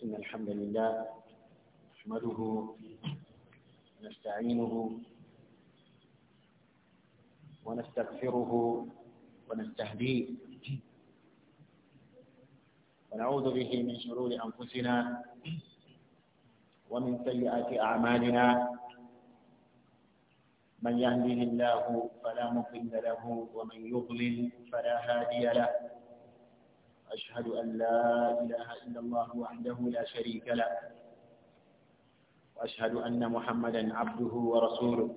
إن الحمد لله نحمده ونستعينه ونستغفره ونستهديه ونعوذ به من شرور أنفسنا ومن سيئات أعمالنا من يهده الله فلا مضل له ومن يضلل فلا هادي له أشهد أن لا إله إلا الله وحده لا شريك له وأشهد أن محمدا عبده ورسوله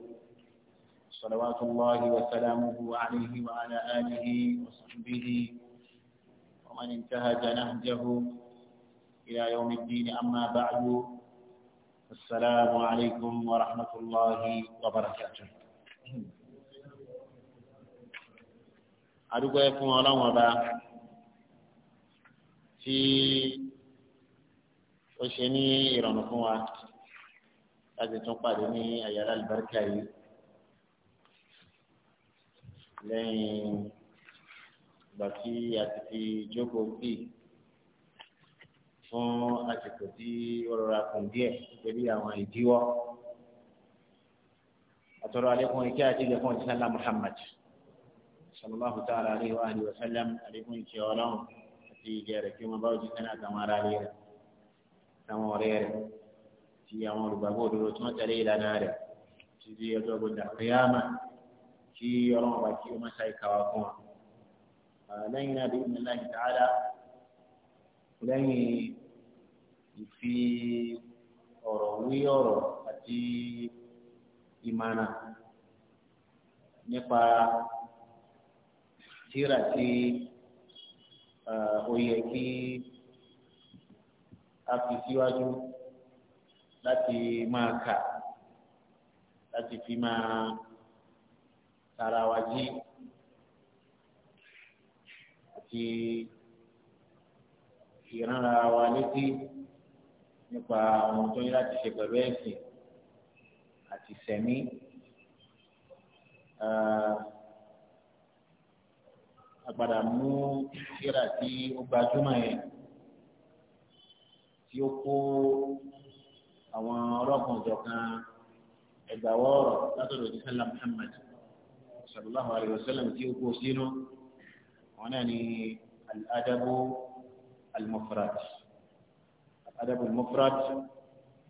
صلوات الله وسلامه عليه وعلى آله وصحبه ومن انتهج نهجه إلى يوم الدين أما بعد السلام عليكم ورحمة الله وبركاته أدعو يكون الله وبركاته tí ó ṣe ní ìrọ̀rùn fún wa láti tún pàdé ní àyàrá àlùbáríkà yìí lẹ́yìn ìgbà tí a ti fi jókòó pì fún àsìkò tí ó rọra kùn díẹ̀ nítorí àwọn ìdíwọ́ àtọ́rọ alẹ́kùn ìkẹ́ àti ìgbẹ́kùn ìsàlá Muhammad sallallahu ta'ala alayhi wa sallam ọlọ́run sí ìjẹ rẹ̀ kí wọ́n bá ojú kan àtàwọn ará ilé rẹ̀ àtàwọn ọ̀rẹ́ rẹ̀ ti àwọn olùgbàgbọ́ òdodo tí wọ́n tẹ̀lé ìlànà rẹ̀ ti di ọjọ́ gbọdọ̀ àkẹyàmà kí ọlọ́run bá kí wọ́n ṣe ìkàwá fún wa. lẹ́yìn náà bí ìmọ̀lá ìtàhálà lẹ́yìn ìfi ọ̀rọ̀ wí ọ̀rọ̀ àti ìmọ̀ràn nípa tíra tí ó yẹ kí a fi síwájú láti máa kà láti fi máa tara wa jí àti ìrànra wa létí nípa àwọn tó ní láti ṣe pẹ̀lú ẹ̀sìn àti sẹ̀mí. Uh, àgbàdà mú kíra tí ó gbajúmọ̀ yẹn tí ó kó àwọn ọlọ́kùnrin jọ̀kan ẹ̀gbàwọ́ ọ̀rọ̀ látọ̀dọ̀ ti sẹ́lá Muhammad sallallahu alayhi wa sallam tí ó kó sínú wọn náà ni adabu al adabu al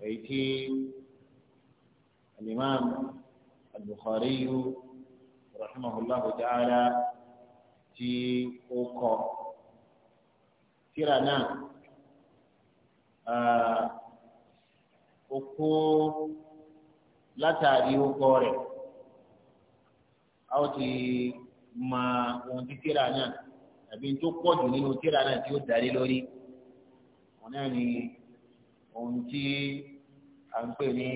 èyí tí al-imam al-Bukhari ta'ala tí ó kọ tírà náà ó kó látàrí ó kọ rẹ̀ a ó ti mọ ohun tí tírà náà tàbí tó pọ̀ nínú tírà náà tí ó darí lórí wọn náà ni ohun tí à ń pè ní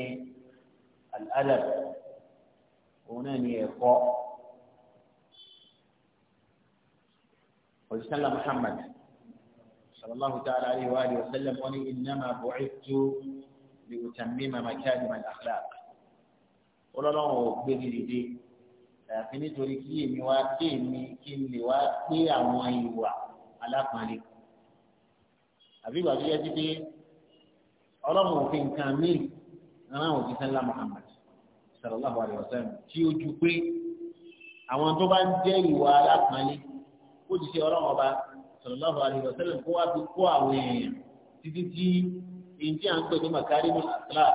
aládàbẹ̀ òun náà ni ẹ̀kọ́. òṣìṣẹ́ ńlá Muhammad sallallahu ta'ala alayhi wa alihi wa sallam wọn ni innama bu'ithtu li utammima makarim al-akhlaq ọlọ́run ò gbé mi dìde àyàfi nítorí kí èmi wá pé èmi kí n lè wá pé àwọn ìwà alápọ̀nlé àbí ìgbà tó yẹ títí ọlọ́run òfin nǹkan míì rán òjíṣẹ́ ńlá Muhammad sallallahu alayhi wa sallam tí ó ju pé àwọn tó bá ń jẹ́ ìwà alápọ̀nlé kó ti ṣe ọlọ́run ọba sallallahu alaihi wa sallam kó wá fi kó àwọn èèyàn títí tí èyí tí à ń pè ní màkàrímù àtàlà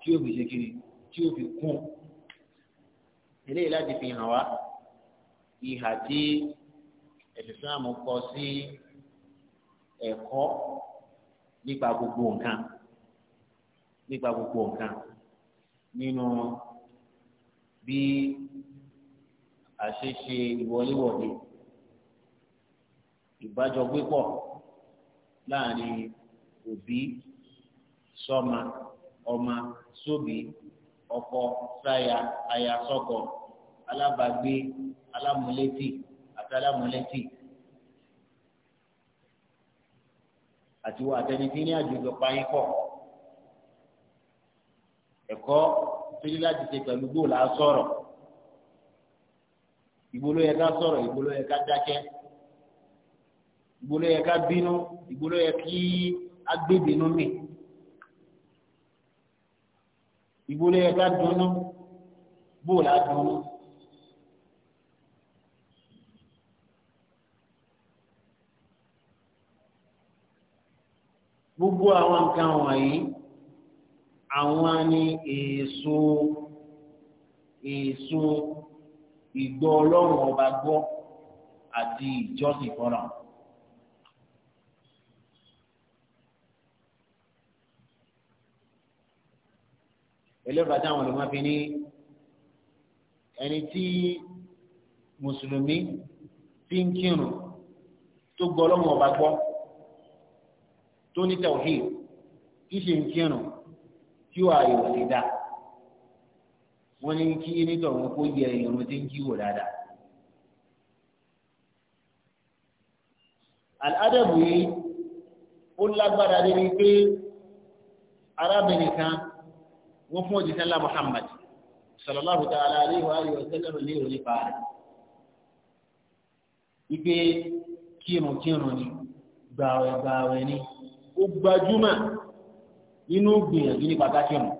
tí ó fi ṣe kiri tí ó fi kún eléyìí láti fi hàn wá ìhà tí ẹ̀sìsìláàmù kọ sí ẹ̀kọ́ nípa gbogbo nǹkan nípa gbogbo nǹkan nínú bí àṣeṣe ìwọléwọ̀de ìbájọ gbépọ̀ láàrin òbí sọ́mà ọmọ sóbì ọkọ sáyà aya sọ́kọ alábàágbé alámúlétì àti alámúlétì àti wọ àtẹnití ní àjùjọ pààyàn pọ̀ ẹ̀kọ́ tójú láti ṣe pẹ̀lú gbòòlà sọ̀rọ̀ ìgbòló yẹ ká sọ̀rọ̀ ìgbòló ká dákẹ́ ìgbòló yẹ ká bínú ìgbòló yẹ kí agbébínú mi ìgbòló yẹ ká dunnú bóòlù adunnú. gbogbo àwọn nǹkan wọ̀nyí àwọn ni èso èso ìgbọ́ ọlọ́run ọba gbọ́ àti ìjọsìn fọlọ́run. eléyìí táwọn olùmọ̀ fi ní ẹni tí mùsùlùmí fi ń kírun tó gbọ́ ọlọ́run ọba gbọ́ tó ní tawhid kí ṣe ń kírun kí wàá yọ̀ sí dáa wọ́n ní kí nítorí kó yẹ irun tí ń jíwò dáadáa. aládàbò yìí ó lágbára débi pé arábìnrin kan wọ́n fún òjìṣẹ́ ńlá Muhammad sallallahu ta'ala alayhi wa alihi wa sallam ní ìròyìn pa rẹ̀ wípé kírunkírun ni gbàwẹ̀gbàwẹ̀ ni ó gbajúmọ̀ nínú gbìyànjú ní pàtàkì mu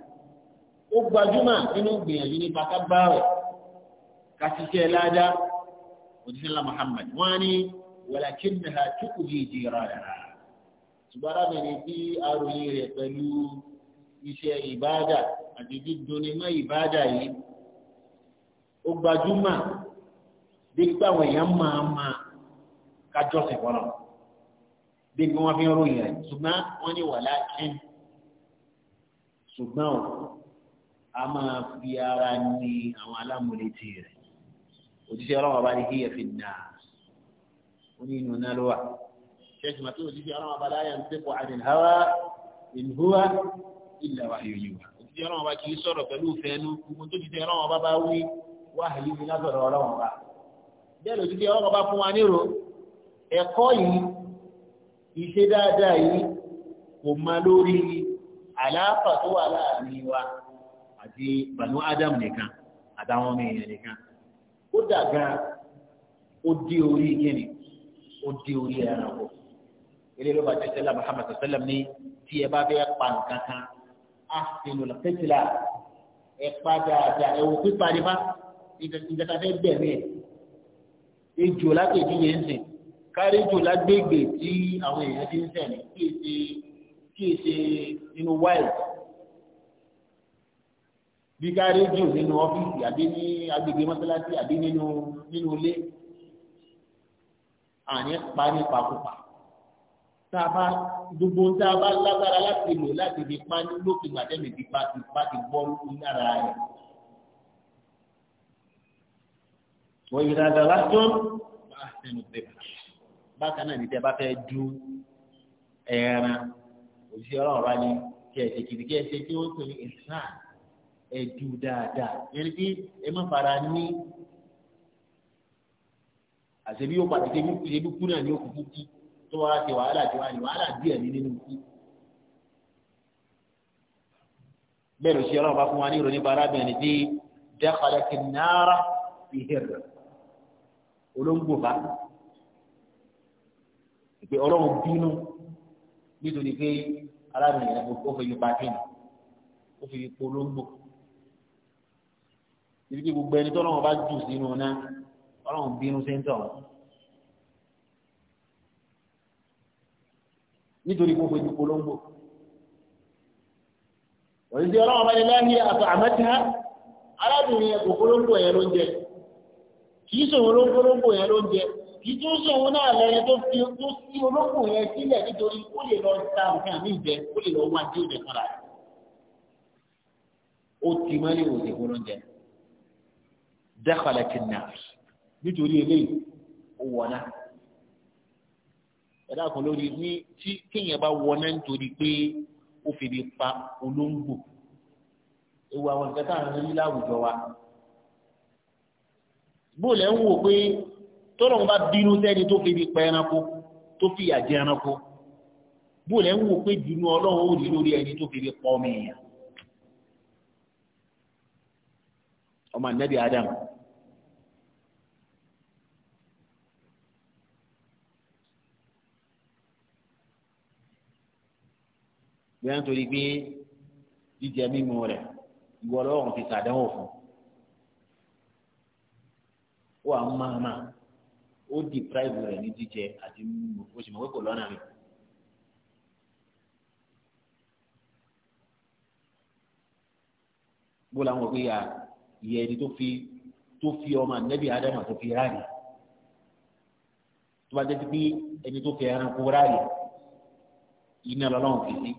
ó gbajúmọ̀ nínú gbìyànjú ní pàtàkì gbàwẹ̀ ládá òjìṣẹ́ ńlá Muhammad wọ́n á ní wàlàkínnaha tukùjì jìrọ̀ rẹ̀ ṣùgbọ́n arábìnrin bí aróyìn rẹ̀ pẹ̀lú iṣẹ́ ìbáàdà àti dídùnni mọ́ ìbáàdà yìí ó gbajúmọ̀ dípò àwọn èèyàn máa máa kájọ́sìn fọlọ́ dípò wọn fi ń ròyìn rẹ̀ ṣùgbọ́n wọ́n ní wàhálà kín ṣùgbọ́n o a máa fi ara ní àwọn alámúlétì rẹ̀ òjíṣẹ́ ọlọ́wọ́ bá ní kí ẹ fi nà ó ní inú náà ló wà ṣẹ́ẹ̀tì òjíṣẹ́ ọlọ́wọ́ bá láyà ń tẹ́kọ̀ọ́ àdìhàwá ìlú wa ìlà wàhíù yìí wà òtítí ọlọ́run bá kì í sọ̀rọ̀ pẹ̀lú ìfẹ́ ẹnu gbogbo tó ti tẹ ọlọ́run bá bá wí wàhíù yìí látọ̀dọ̀ ọlọ́run bá bẹ́ẹ̀ lòtítí ọlọ́run bá fún wa nírò ẹ̀kọ́ yìí ìṣe dáadáa yìí kò má lórí àlàáfà tó wà láàrin wa àti bànú ádám nìkan àtàwọn ọmọ èèyàn nìkan ó dàgbà ó dé orí kíni ó dé orí ẹranko ilé ló bá tẹsẹlá muhammad sallam ní tí ẹ bá fẹ́ pa nǹkan kan àfihàn kẹtìlá ẹ̀pá dáadáa ẹ̀wò pípa nípa ìjọba fẹ́ bẹ̀rẹ̀ ẹ̀ ejò lákèjì yẹn ń sìn kárí jù lágbègbè tí àwọn èèyàn ti ń sẹ̀mí kí èsè kí èsè nínú wild bí kárí jù nínú ọ́fíìsì àbí ní agbègbè mọ́sálásí àbí nínú nínú ilé àní parí pakópa tá a bá gbogbo ń tá a bá lágbára láti lò láti fi pa lókè gbàdẹ́mì ti pa ti pa ti bọ́ lára rẹ̀. wọ́n yìí dáadáa lásán bá a sẹ́nu bẹ́ẹ̀ bákan náà ní tẹ́ bá fẹ́ du ẹran òṣìṣẹ́ ọlọ́run bá ní kí ẹ ṣe kìdí kí ẹ ṣe kí ó tó ní ìsàn ẹ du dáadáa yẹn bí ẹ má fara ní àṣẹbí yóò padà ṣe bí kú náà ní òkùnkùn kú tó wá ṣe wàhálà tí wàá ní wàhálà díẹ̀ ní nínú kú. bẹ́ẹ̀ ló ṣe ọlọ́run bá fún wa ní ìròyìn bá arábìnrin tí dákàlẹ̀ ti náírà fi hẹ̀rẹ̀ olóńgbò bá ìpè ọlọ́run bínú nítorí pé arábìnrin yẹn ó fi yí pàkín ó fi yí polóńgbò ibi tí gbogbo ẹni tó bá jù sínú náà ọlọ́run bínú sí ń tọ̀ wọ́n. nítorí kó fojú polongo òyìn tí ọlọ́wọ́ bá ní láàyè àtọ àmẹ́ta arábìnrin ẹ̀kọ́ polongo yẹn ló ń jẹ kì í sòwò ló ń polongo yẹn ló ń jẹ kì í tún sòwò náà lẹ́yìn tó fi tó sí olóko yẹn sílẹ̀ nítorí ó lè lọ ta nǹkan mí jẹ ó lè lọ wá tí ó jẹ fúnra rẹ̀ ó ti mọ́lẹ̀ òde polongo dákàlẹ̀ tì nítorí eléyìí ó wọ̀ náà ẹ̀dá kan lórí ní tí kéèyàn bá wọná nítorí pé ó febi pa olóńgbò ewu àwọn nǹkan tá à ń rí láwùjọ wa bóòlù ẹ̀ ń wò pé tọ́lọ̀ ń bá bínú sẹ́ni tó febi pa ẹranko tó fìyà jẹ ẹranko bóòlù ẹ̀ ń wò pé jùlọ ọlọ́run ó rí lórí ẹni tó febi pa ọmọ èèyàn ọmọ ànábì Ádámù. bí wọ́n torí pé jíjẹ mímu rẹ̀ ìwọ lọ́rùn ti sàdánwò fún ó wà ń máa máa ó deprive ní jíjẹ àti mímu ó mọ̀ pé kò lọ́nà rẹ̀. bó làwọn òbí ya ìyẹn ẹni tó fi tó fi ọmọ ànábì ádámà tó fi ráàlì tó bá jẹ́ pé ẹni tó fi ẹranko ráàlì iná lọ́lọ́run fi sí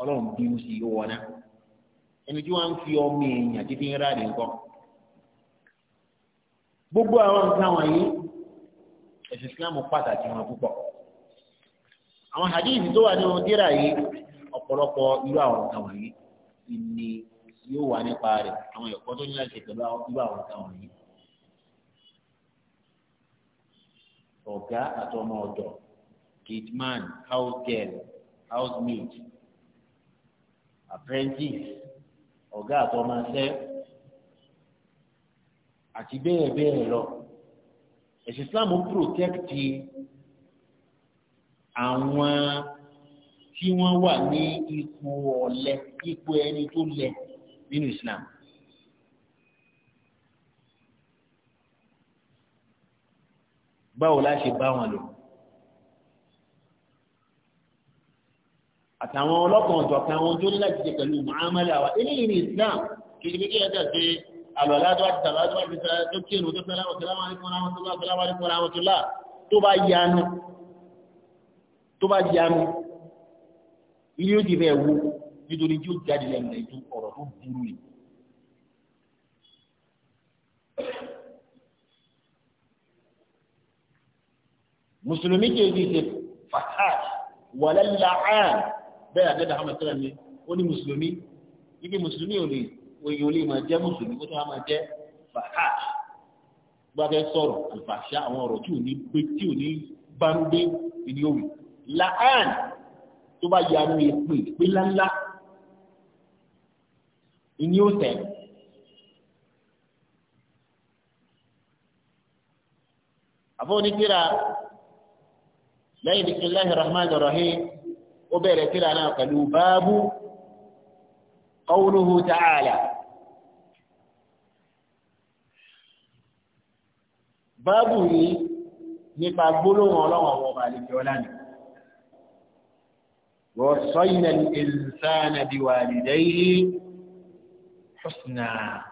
ọlọ́run bínú sí i ó wọ́n náà ẹni tí wọ́n ń fi ọmọ èèyàn títí ń ráàlì ńkọ́ gbogbo àwọn nǹkan wọ̀nyí ẹ̀sìn ìsìláàmù pàtàkì wọn púpọ̀ àwọn hadith tó wà nínú dírà yìí ọ̀pọ̀lọpọ̀ irú àwọn nǹkan wọ̀nyí ni yóò wà nípa rẹ̀ àwọn ẹ̀kọ́ tó ní láti ṣe pẹ̀lú irú àwọn nǹkan wọ̀nyí. ọ̀gá àtọmọ ọ̀dọ̀ gateman house girl housemaid apprentice ọ̀gá àtọmọṣẹ́ àti bẹ́ẹ̀ bẹ́ẹ̀ lọ ẹ̀sìn Islam protect àwọn tí wọ́n wà ní ipò ọ̀lẹ ipò ẹni tó lẹ nínú Islam. báwo la ṣe bá wọn lò àtàwọn ọlọ́kan ọ̀dọ̀kan àwọn tó ní láti ṣe pẹ̀lú muhammadu àwa eléyìí ní islam kìí bí kíyà jà sí alọ́ládọ́ àti tàbátọ́ àti tó kírun tó sẹ́lámọ̀ sẹ́lámọ̀ àríkún rámọ́tọ́lá sẹ́lámọ̀ àríkún rámọ́tọ́lá tó bá yanu tó bá yanu ilé ó ti fẹ́ wú nítorí tí ó jáde lẹ́nu rẹ̀ ju ọ̀rọ̀ tó burú yìí. mùsùlùmí kejì ṣe fàtàkì wàlẹ́ làán bẹ́ẹ̀ àdẹ́dà hàn mẹ́tẹ́rẹ̀ ni ó ní mùsùlùmí ibi mùsùlùmí ò lè òye ò lè máa jẹ́ mùsùlùmí kó tó máa jẹ́ fàhà gbàgbẹ́ sọ̀rọ̀ àlùfàṣà àwọn ọ̀rọ̀ tí ò ní pé tí ò ní gbanúgbé ìní òwì làán tó bá yanu èpè pé ńláńlá ìní òsè àbọ̀ oníkíra lẹ́yìn bisimilahi rahman rahim. وبيلة لنا قلوا باب قوله تعالى باب نقبله الله وبالك ولانه ووصينا الإنسان بوالديه حسنا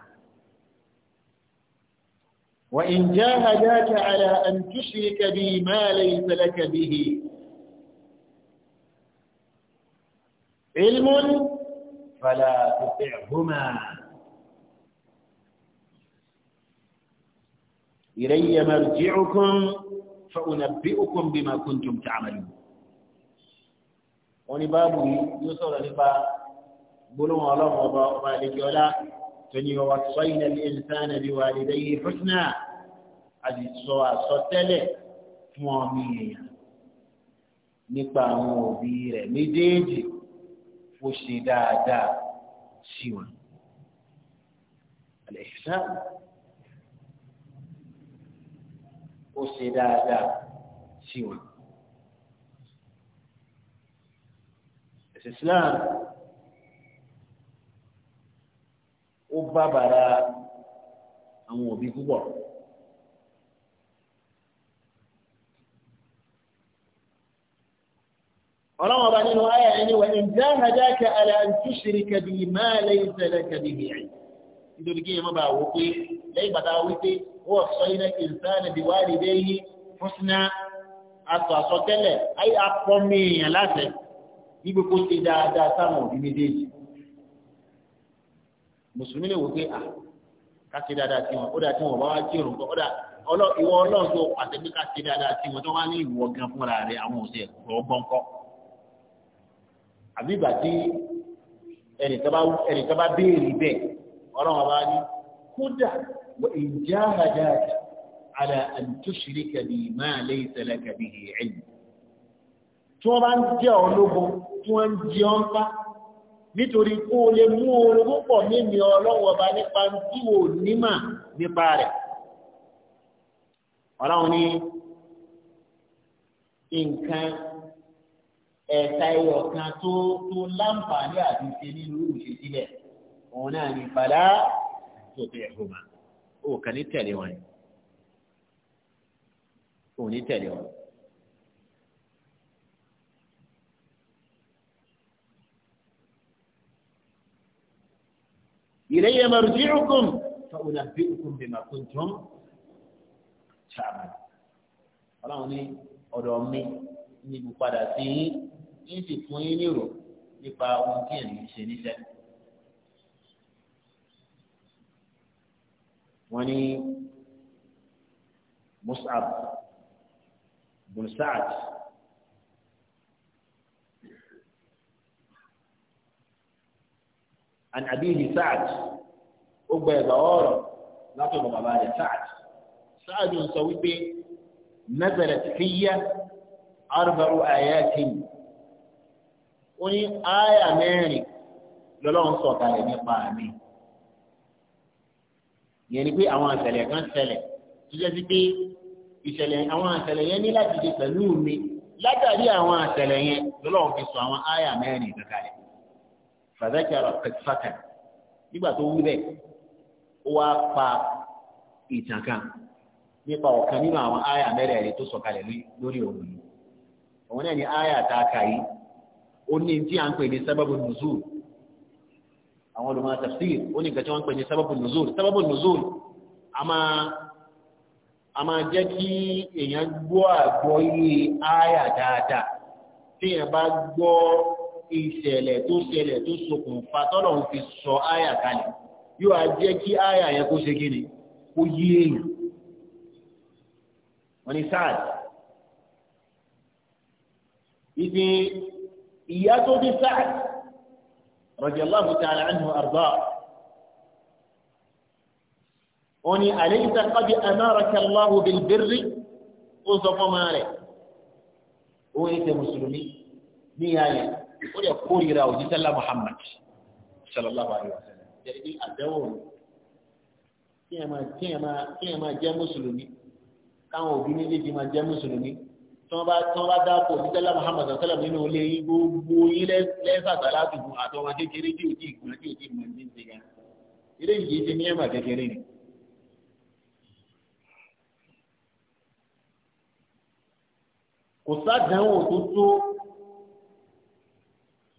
وإن جاهداك على أن تشرك بي ما ليس لك به ilmu fàlà tètè hùmà. إلي مرجعكم فأنبئكم بما كنتم تعملون wọ́n ní báàbù yìí yóò sọ̀rọ̀ nípa gbólóhùn ọlọ́run ọba ọba àlejòọ́lá tó ní ọwọ́ sọ ilẹ̀ ní ìsáná bí wà lédè yìí húsnà àti sọ àsọtẹ́lẹ̀ fún ọmọ èèyàn nípa àwọn òbí rẹ̀ méjèèjì ó ṣe dáadáa sí wọn. Al-ihsan ó ṣe dáadáa sí wọn. Ẹ̀sìn Islam ó bá bàrà àwọn òbí púpọ̀. ọlọ́run ọba nínú ayà ẹni wà ní jáhàjáka ala an tushrika bi ma laysa laka bihi ilm nítorí kí ẹmọ́ bá wò pé lẹ́yìn bàtà wípé ó sọ iná insana bi walidayhi husna aṣọ àsọtẹ́lẹ̀ ayé apọ́mìyàn láti ibi kó ṣe dáadáa sáwọn òbí méjèèjì mùsùlùmí lè wò pé à ah, ká ṣe dáadáa sí ó dà tí wọn bá wá kírun kọ ó ìwọ ọlọ́run àbí ìgbà tí ẹnìkan bá ẹnìkan bá béèrè bẹ́ẹ̀ ọlọ́run bá ní kódà ìjà àdáàdà àlà àtúnṣe kàbí máa lé ìṣẹ̀lẹ̀ kàbí ẹ̀yìn tí wọ́n bá ń jẹ́ ológun tí wọ́n ń jẹ ọ́n pa nítorí kó o lè mú oorun púpọ̀ mímí ọlọ́wọ́ bá nípa tí o nímà nípa rẹ̀ ọlọ́run ní nǹkan ẹ̀ka ẹyọ kan tó tó láǹfààní àti ṣe nínú irú ìṣèjìlẹ̀ òun náà ní padà tó fi ẹ̀kọ́ mà ó kàn ní tẹ̀lé wọn ó ní tẹ̀lé wọn. إلي مرجعكم فأنبئكم بما كنتم تعملون. Ọlọ́run ní ọ̀dọ̀ mi níbi padà sí yín sì fún yín nírò nípa ohun tí èmi ṣe níṣẹ́. wọ́n ní Mus'ab bin Sa'd an abihi Sa'd ó gba ẹ̀gbà ọ̀rọ̀ látọ̀dọ̀ bàbá rẹ̀ Sa'd Sa'd ń sọ wípé nazalat fiyya arba'u ayatin ó ní ááyà mẹ́rin lọ́lọ́run sọ̀kalẹ̀ nípa mi yẹn ni pé àwọn àṣẹlẹ̀ kan ṣẹlẹ̀ tó jẹ́ sí pé ìṣẹ̀lẹ̀ àwọn àṣẹlẹ̀ yẹn ní láti di pẹ̀lú mi látàrí àwọn àṣẹlẹ̀ yẹn lọ́lọ́run fi sọ àwọn ááyà mẹ́rin kankalẹ̀ fàdákàrà pẹ̀tùfàkà nígbà tó wú bẹ́ẹ̀ ó wá pa ìtàn kan nípa ọ̀kan nínú àwọn ááyà mẹ́rẹ̀ẹ̀rin tó sọ̀kalẹ̀ lórí òun òun náà ni ááyà tá a kà yìí ó ní tí à ń pè ní sábàbù nùzúl àwọn olùmọ̀ tafsir ó ní nǹkan tí wọ́n ń pè ní sábàbù nùzúl sábàbù nùzúl a máa a máa jẹ́ kí èèyàn gbọ́ àgbọ́ yé áyà dáadáa tí èèyàn bá gbọ́ ìṣẹ̀lẹ̀ tó ṣẹlẹ̀ tó ṣokùnfà tọ́lọ̀ ń fi sọ áyà kalẹ̀ yóò á jẹ́ kí áyà yẹn kó ṣe kíni kó yí èèyàn wọ́n ní sáàdì ìyá tó bí Sa'ad radiyallahu ta'ala anhu àrùbá ó ní alaysa qad amaraka Allahu bil birri ó sọ fún ọmọ rẹ̀ ó yẹ kẹ́ mùsùlùmí ní ìyá yẹn ó yẹ kórìíra òjísẹ́lá Muhammad sallallahu alayhi wa sallam jẹ́rìí àdẹ́wò kí ẹ máa jẹ́ mùsùlùmí káwọn òbí méjèèjì máa jẹ́ mùsùlùmí tí wọ́n bá tí wọ́n sallam dáko nígbàlá Muhammad sọ́lá nínú ilé yín gbogbo yín lẹ́sàtà láti gun àtọwọn kékeré tí ò tí ì gun tí ò tí ì mọ̀ ní ìsìn yẹn ilé yìí ti ní ẹ̀mà kékeré ni. kò sádánwò tó tó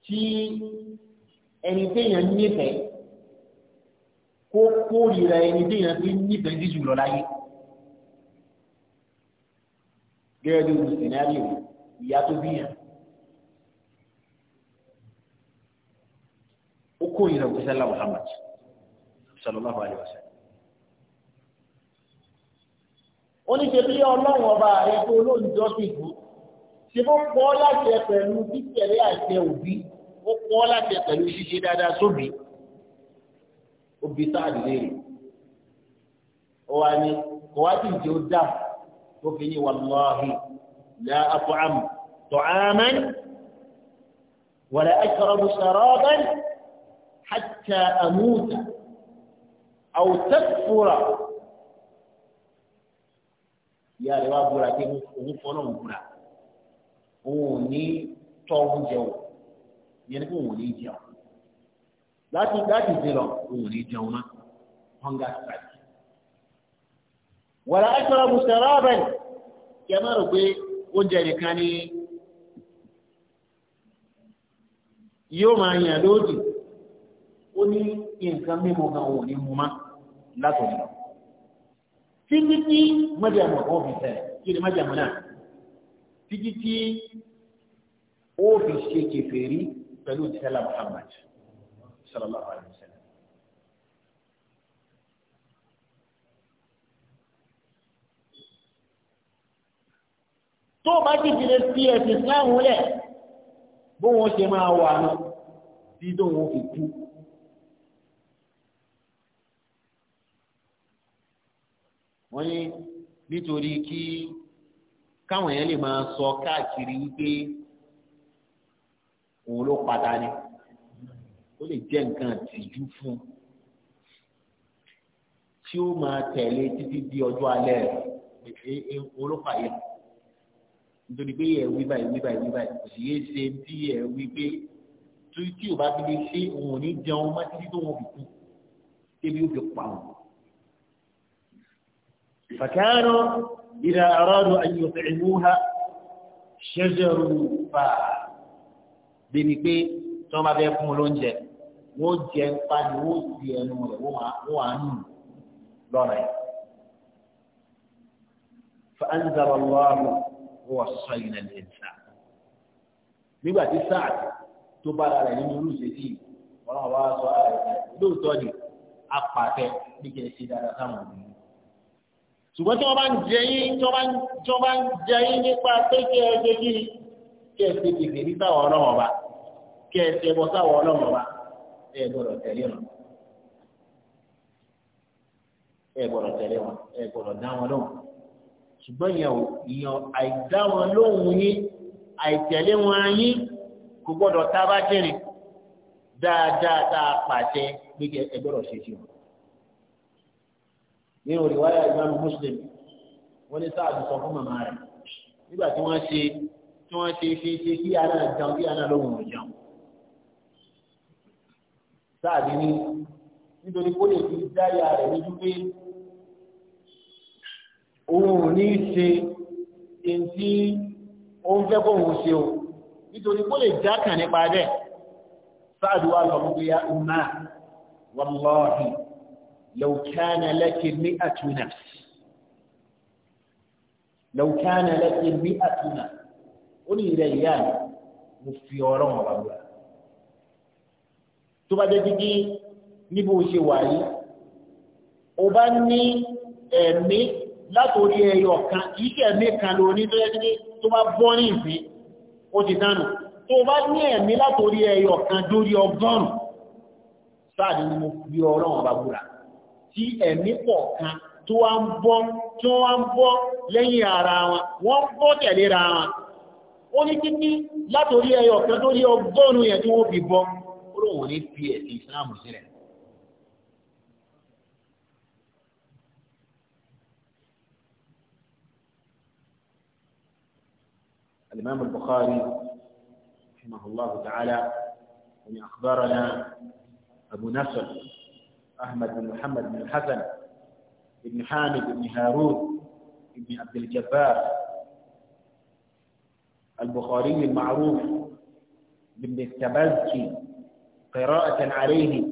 tí ẹni téèyàn nífẹ̀ẹ́ kó kórìíra ẹni téèyàn fi nífẹ̀ẹ́ sí jùlọ láyé gẹ́gẹ́ bí olùsìn ní àlè òun ìyá tó bíyàn. ó kó ìrìn òkú sálà Muhammad sallallahu alayhi wa sallam. ó ní ṣe bí ọlọ́run ọba rẹ tó olóòjọ́ sì bú ṣe bó pọ́ láti ẹ pẹ̀lú títẹ̀lé àṣẹ òbí ó pọ́ láti ẹ pẹ̀lú ṣíṣe dáadáa sóbì òbí sáà lè rè ó wá ní kò wá sì ń jẹ́ تفني والله لا أطعم طعاما ولا أشرب شرابا حتى أموت أو تكفر يا رواب راتيه وفنون برا وني طعم جو يعني وني جو لا تدعي زلو وني جونا هنغا سبعي wàlá ẹ̀kọ́ra mùsàlá bẹ̀ kí a máa rò pé oúnjẹ nìkan ni yóò máa yàn lódì ó ní nǹkan mímu kan ò ní mu má látọ̀nà títí tí mọ́jàmọ́ kan fi sẹ̀ kí ni mọ́jàmọ́ náà títí tí ó fi ṣe kẹfẹ́rí pẹ̀lú ìṣẹ́lá Muhammad sallallahu alayhi wa sallam. tó bá ti ti lè fi ẹ̀sìn Islam lẹ̀ bó wọn ṣe máa wà ní dídó wọn fi kú. wọ́n ní nítorí kí káwọn èèyàn lè máa sọ káàkiri wípé òun ló padà ni ó lè jẹ́ nǹkan tìjú fún tí ó máa tẹ̀lé títí di ọjọ́ alẹ́ rẹ̀ olófàyè nítorí pé ẹ wí báyìí wí báyìí wí báyìí kò sì yé ṣe tí ẹ wí pé tí ò bá fi lè ṣe òun ò ní jẹun má títí tó wọn fi kú débi ó fi pa wọn. fàkàrọ ìdá àrọ́dọ̀ ayọ̀fẹ́ ìmúha ṣẹ́jọ́rù fà débi pé tí wọ́n bá fẹ́ fún un lóúnjẹ wọ́n jẹ ń pa ni wọ́n sì ẹnu rẹ̀ wọ́n wà nù lọ́rẹ̀. فأنزل الله ووصينا الإنسان nígbà tí sáà tó bára rẹ̀ nínú irú ìṣesí wọn náà wá sọ ara rẹ̀ lóòótọ́ ni apàtẹ nígbà tí dáadáa sáwọn òbí. ṣùgbọ́n tí wọ́n bá ń jẹ yín tí wọ́n bá ń jẹ yín nípa pé kí ẹ ṣe kí kí ẹ ṣe gbèsè ní sáwọn ọlọ́wọ́n ba kí ẹ ṣe bọ sáwọn ọlọ́wọ́n ba ẹ gbọ́dọ̀ tẹ̀lé wọn. ẹ gbọ́dọ̀ tẹ̀lé wọn ẹ gbọ́dọ̀ dá wọn lọ́wọ́ ṣùgbọ́n yẹn ò ìyàn àìdá wọn lóhùn yín àìtẹ̀lé wọn yín kò gbọ́dọ̀ tá a bá jẹ́rìn dáadáa tá a pàṣẹ pé ẹ gbọ́dọ̀ ṣe sí wọn. nínú ìwáyà ìmáàmù Muslim wọ́n ní sáàbù sọ fún màmá rẹ̀ nígbà tí wọ́n ṣe tí wọ́n ṣe ṣe ṣe kí aná jẹun kí aná lóhùn ò jẹun. sáàbù ní nítorí kó lè fi dáyà rẹ̀ lójú pé òun ò ní ṣe èyí tí ó ń fẹ́ kó òun ṣe o nítorí kó lè jákàn nípa bẹ́ẹ̀ sáàdù wa lọ fún ya umma wallahi law kana laki mi'atu nafs law ó ní ilẹ̀ ìyá mo fi ọ̀rọ̀ wọn tó bá jẹ́ gidi níbo ṣe wà yìí ó bá ní ẹ̀mí látòrí ẹyọ kan ìkẹ́ mẹ́kan ló ní tó yẹ kí tó bá bọ́ ní ìfẹ́ ó ti dánù tó bá ní ẹ̀mí látòrí ẹyọ kan dórí ọgọ́rùn sáàdì ni mo fi ọlọ́run ọba búra tí ẹ̀mí pọ̀ kan tó wá ń bọ́ tó wá ń bọ́ lẹ́yìn ara wọn wọ́n bọ́ tẹ̀léra wọn ó ní títí látòrí ẹyọ kan dórí ọgọ́rùn yẹn tí wọ́n fi bọ́ ó lóun ní fi ẹ̀sìn sílẹ̀ الإمام البخاري رحمه الله تعالى أن أخبرنا أبو نصر أحمد بن محمد بن الحسن بن حامد بن هارون بن عبد الجبار البخاري المعروف بن التبزكي قراءة عليه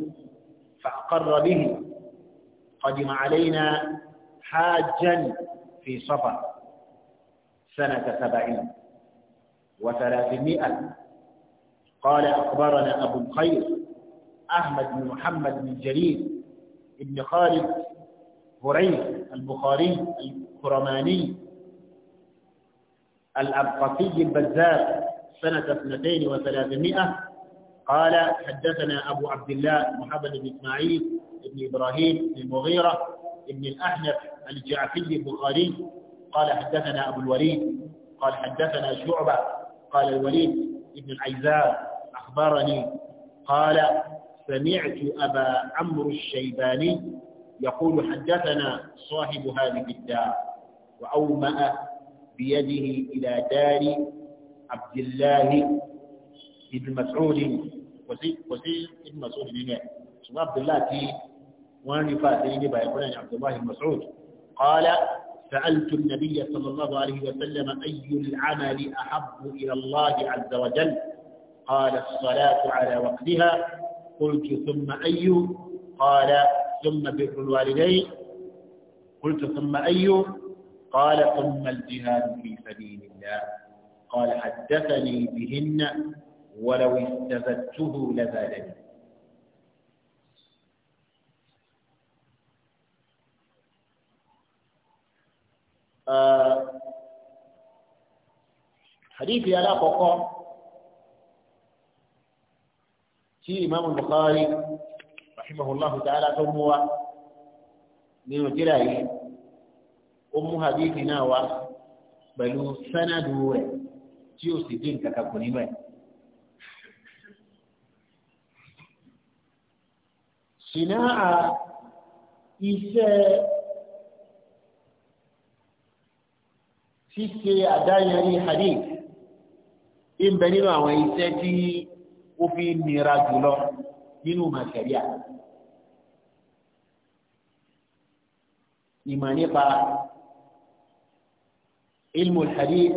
فأقر به قدم علينا حاجا في صفر سنة سبعين وثلاثمائة قال أخبرنا أبو الخير أحمد بن محمد بن جرير بن خالد هريث البخاري الكرماني الأبقصي البزار سنة اثنتين وثلاثمائة قال حدثنا أبو عبد الله محمد بن إسماعيل بن إبراهيم بن المغيرة بن الأحنف الجعفي البخاري قال حدثنا أبو الوليد قال حدثنا شعبة قال الوليد بن العيزار أخبرني قال سمعت أبا عمرو الشيباني يقول حدثنا صاحب هذه الدار وأومأ بيده إلى دار عبد الله بن مسعود وسيد بن مسعود بن عبد الله في وان يفاتي بها يقول عبد الله بن مسعود قال سألت النبي صلى الله عليه وسلم أي العمل أحب إلى الله عز وجل قال الصلاة على وقتها قلت ثم أي قال ثم بر الوالدين قلت ثم أي قال ثم الجهاد في سبيل الله قال حدثني بهن ولو استفدته لذلك hadithi alákọ̀ọ́kọ́ tí imaamu bukhari rahimahullahu ta'ala tó mú wa nínú tírà yìí ó mú hadithi náà wá pẹ̀lú sánádù rẹ̀ tí ó sì dín kankan kù nínú ẹ̀. sina'a iṣẹ́ ṣíṣe àdáyẹrí hadith ń bẹ nínú àwọn iṣẹ́ tí ó fi nira jùlọ nínú màṣẹ̀ríà. ìmọ̀ nípa ilmu hadith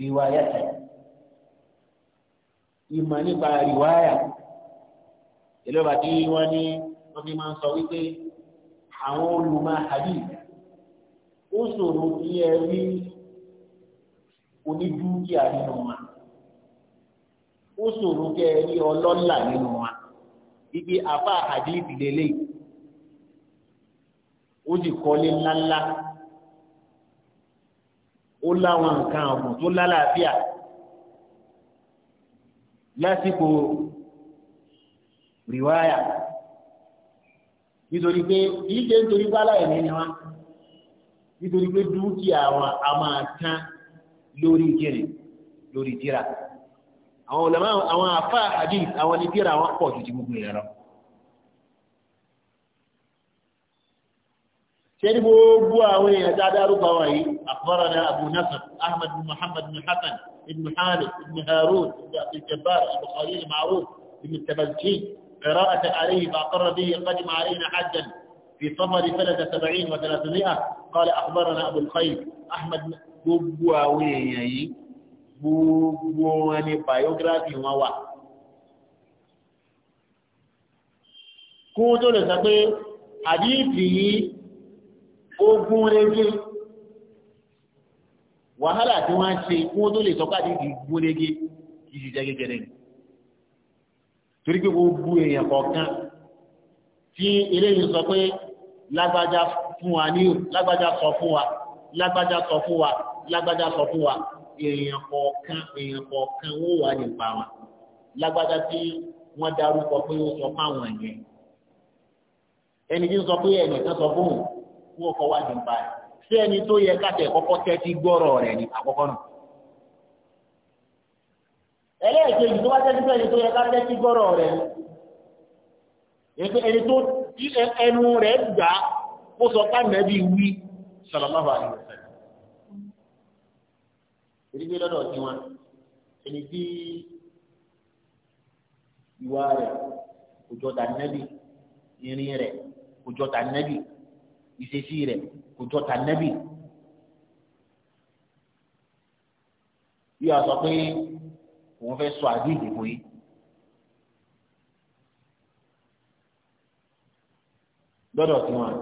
riwayata ìmọ̀ nípa riwaya ìlọ́ba tí wọ́n ní wọ́n fi máa ń sọ wípé àwọn olùmọ̀ hadith ó ṣòro kí ẹ rí onídúkìá nínú wa ó ṣòro kí ẹ rí ọlọ́lá nínú wa ibi àbá àdìsí lélẹ̀ ó sì kọ́lé ńláńlá ó láwọn nǹkan ọ̀gbìn tó lálàáfíà lásìkò rìwáyà nítorí pé kì í ṣe nítorí pé aláìní ni wọn. nítorí pé dúkìá wa a máa tán lórí jìnrìn lórí jìra àwọn ọ̀làmọ́ àwọn àfa hadith àwọn ní jìra wọn pọ̀ ju ti gbogbo yẹn lọ. sai gbogbo àwọn èèyàn ta dárúkọ wà yìí ní abu nasir ahmed bin muhammad ibn hali ibn harun ibn abdul-jabbar ibn khalil ma'ruf ibn tabalji qira'ata alayhi fa qarra bihi qadim alayna hajjan fi safar sanata 70 wa 300 qala akhbarana abul khayr ahmed gbogbo àwọn èèyàn yìí gbogbo wọn ni biography wọn wà kó tó lè sọ pé àdíìtì yìí ogun rege wàhálà tí wọ́n ṣe kó tó lè sọ pé àdíìtì gún rege kì í sì jẹ́ gẹ́gẹ́rẹ́ ni torí pé gbogbo èèyàn kọ̀ọ̀kan tí eléyìí sọ pé lágbájá fún wa ní lágbájá sọ fún wa lágbájá sọ fún wa lágbájá sọ fún wa èèyàn kọ̀ọ̀kan èèyàn kọ̀ọ̀kan wọ́n wà nípa wọn lágbájá tí wọ́n darúkọ pé ó sọ fáwọn ẹ̀yẹn ẹni tí ń sọ pé ẹnìkan sọ fóun fún ọkọ̀ wà nípa rẹ̀ sí ẹni tó yẹ káàtẹ̀ kọ́kọ́ tẹ́tí gbọ́rọ̀ rẹ̀ ní àkọ́kọ́ náà ẹlẹ́ẹ̀kejì tó bá tẹ́tí pẹ́ni tó yẹ káàtẹ́ tí gbọ́rọ̀ rẹ̀ ní ẹni tó ẹnu rẹ̀ gbà ó sọ pé ànábì wí sallallahu alaihi wasallam ìdígbé lọ́dọ̀ tí wọn ẹni tí ìwà rẹ̀ kò jọ ta ànábì irin rẹ̀ kò jọ ta ànábì ìṣesí rẹ̀ kò jọ ta ànábì. bí a sọ pé òun fẹ́ sọ àdéhìí fún yìí. lọ́dọ̀ tí wọ́n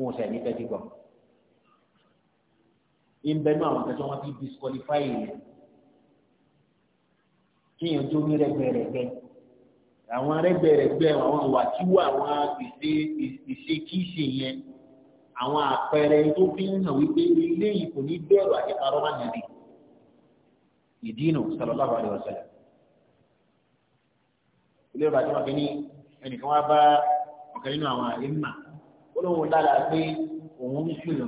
wọn sẹ̀ ní tẹ́tí gbọ́. ìbẹ̀nu àwọn kẹsàn wọn ti disqualify yìí kí èèyàn tó ní rẹ́gbẹ̀rẹ́gbẹ́ àwọn rẹ́gbẹ̀rẹ́gbẹ́ àwọn ìwàkiwà àwọn ìṣe ìṣe kíṣe yẹn àwọn àpẹẹrẹ tó fi ń hàn wípé ilé yìí kò ní bẹ̀rù àti parọ́ máa nàbì ìdí nù sallallahu alaihi wasallam ilé ìbàdí wọn fi ní ẹnìkan wá bá ọ̀kan nínú àwọn àyèmà ó lóun lára pé òun ń sùn lọ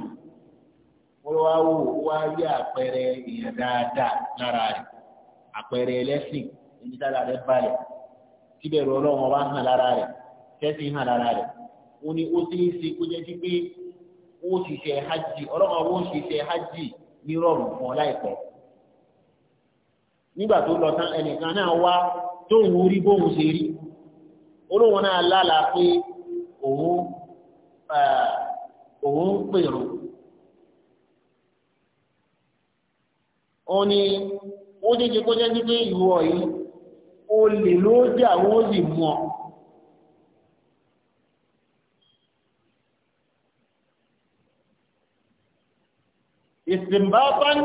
wọ́n wá wò ó wá rí àpẹẹrẹ èèyàn dáadáa lára rẹ̀ àpẹẹrẹ ẹlẹ́sìn ẹni dára rẹ̀ balẹ̀ tíbẹ̀rù ọlọ́run ọba hàn lára rẹ̀ tẹ́sí hàn lára rẹ̀ wọ́n ní ó ti ń ṣe kó jẹ́ sí pé ó sì ṣe hajj ọlọ́run ọba ó sì ṣe hajj ní rọrùn fún ọ láìpẹ́ nígbà tó lọ tán ẹnìkan náà wá tóun rí bóun ṣe rí olóhùn náà lálà pé òun òun ń pèrò òun ni ó ní kí kó jẹ́ sí pé ìwọ yìí ó lè ló dé àwọn ó sì mú ọ. ìsìnbáfán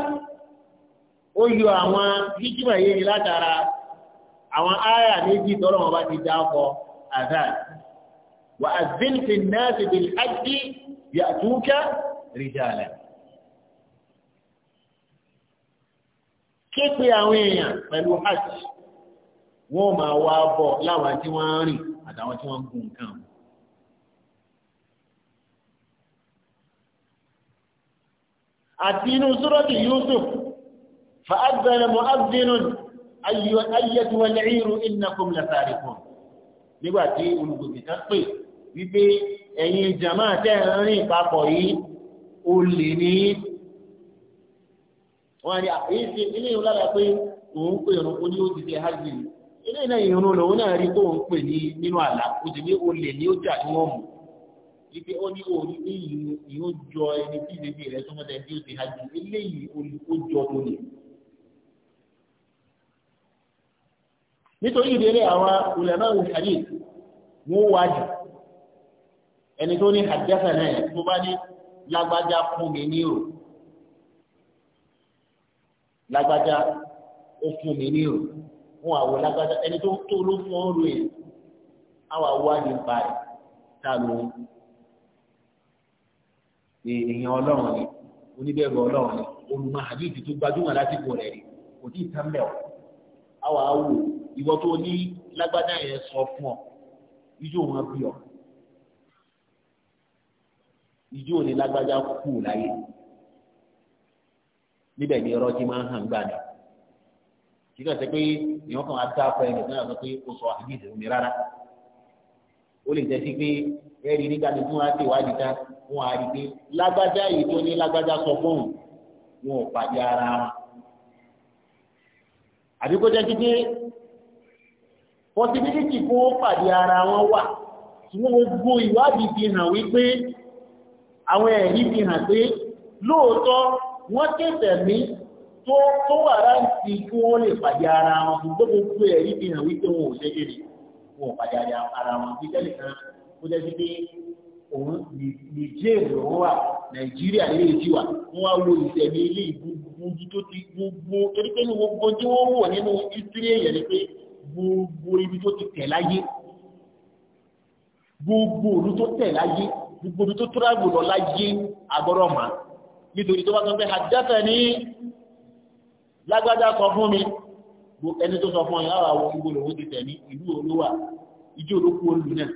ó yọ àwọn jíjìmọ̀ yìí látara àwọn ááyà méjì tọ́lọ́wọ́n ti dá ọkọ̀. أذان وأذن في الناس بالحج يأتوك رجالا كيف يا وين بل وحش وما وابو لا وانتواني هذا وانتوان كون كام أدين سورة يوسف فأذن مؤذن أيها الأية والعير إنكم لفارقون nígbà tí olùgbòkè kan pè wípé ẹ̀yin jàmáà tẹ́ ń rìn papọ̀ yìí ó lè ní. wọ́n á ní àpèsè ah, ilé ìwé lára pé òun pè òun ó ní ó ti ṣe hajj ilé náà ìrún lòun náà rí tóun pè ní nínú àlá ó ti ní ó lè ní ó jà tí wọ́n mú ibi ó ní orí ní ìyó jọ ẹni tí ìdèbí rẹ̀ tó mọ́tẹ́ tí ó ti hajj eléyìí ó jọ tó nìyí. nítorí ìdílé àwọn ulama hadith mú wájú ẹni tó ní àjẹsẹ̀ náà tó bá ní lágbájá fún mi ní o lágbájá ó fún mi ní o wọn àwọ lágbájá ẹni tó tó ló fún ọrù yẹn àwọn àwọ àdìpá ẹ tá ló ń èèyàn ọlọ́run ni oníbẹ̀rù ọlọ́run ni olùmọ̀ àdìsí tó gbajúmọ̀ lásìkò rẹ̀ rí kò tí ì tán bẹ̀ ọ́ àwọn àwò ìwọ tó ní lágbádá yẹn sọ fún ọ ijó wọn bí ọ ijó ní lágbádá kú láyé níbẹ̀ ni ọrọ̀ jí máa ń hàn gbà ní kíkà sẹ pé ìwọ kan á dáa fún ẹnì kan sọ pé ó sọ àdìsẹ omi rárá ó lè jẹ́ sí pé ẹ̀rí nígbà tí wọ́n á ti wá nìkan wọ́n á rí i pé lágbájá yìí tó ní lágbájá sọ fóun wọn ò pàdé ara wọn. àbí jẹ́ sí pọtibílítì fún ó pàdé ara wọn wà tí wọ́n gbogbo ìwádìí fi hàn wípé àwọn ẹ̀rí fi hàn pé lóòótọ́ wọ́n tẹ̀tẹ̀ mí tó wà láti kí wọ́n lè pàdé ara wọn fún gbogbo ẹ̀rí fi hàn wípé wọn ò ṣe kéde wọn ò pàdé ara wọn bí tẹ́lẹ̀ kan ó jẹ́ sí pé òun nìjẹ́ lọ́wọ́ wà nàìjíríà lè jí wà wọ́n wá wo ìṣẹ̀lẹ̀ ilé ìgbógun tó ti gbogbo torí pé ní gbogbo tí wọ́n wọ̀ nínú ìsírí èèyàn ni pé gbogbo ibi tó ti tẹ̀ láyé gbogbo òru tó tẹ̀ láyé gbogbo ibi tó tíráàbù lọ láyé agbọ́dọ̀ mà nítorí tó bá sọ pé àjẹsẹ̀ ní lágbájá sọ fún mi ẹni tó sọ fún ọyàn àwọn àwọn gbogbo lòun ti tẹ̀ ní ìlú olówà ìjọ olókù olù náà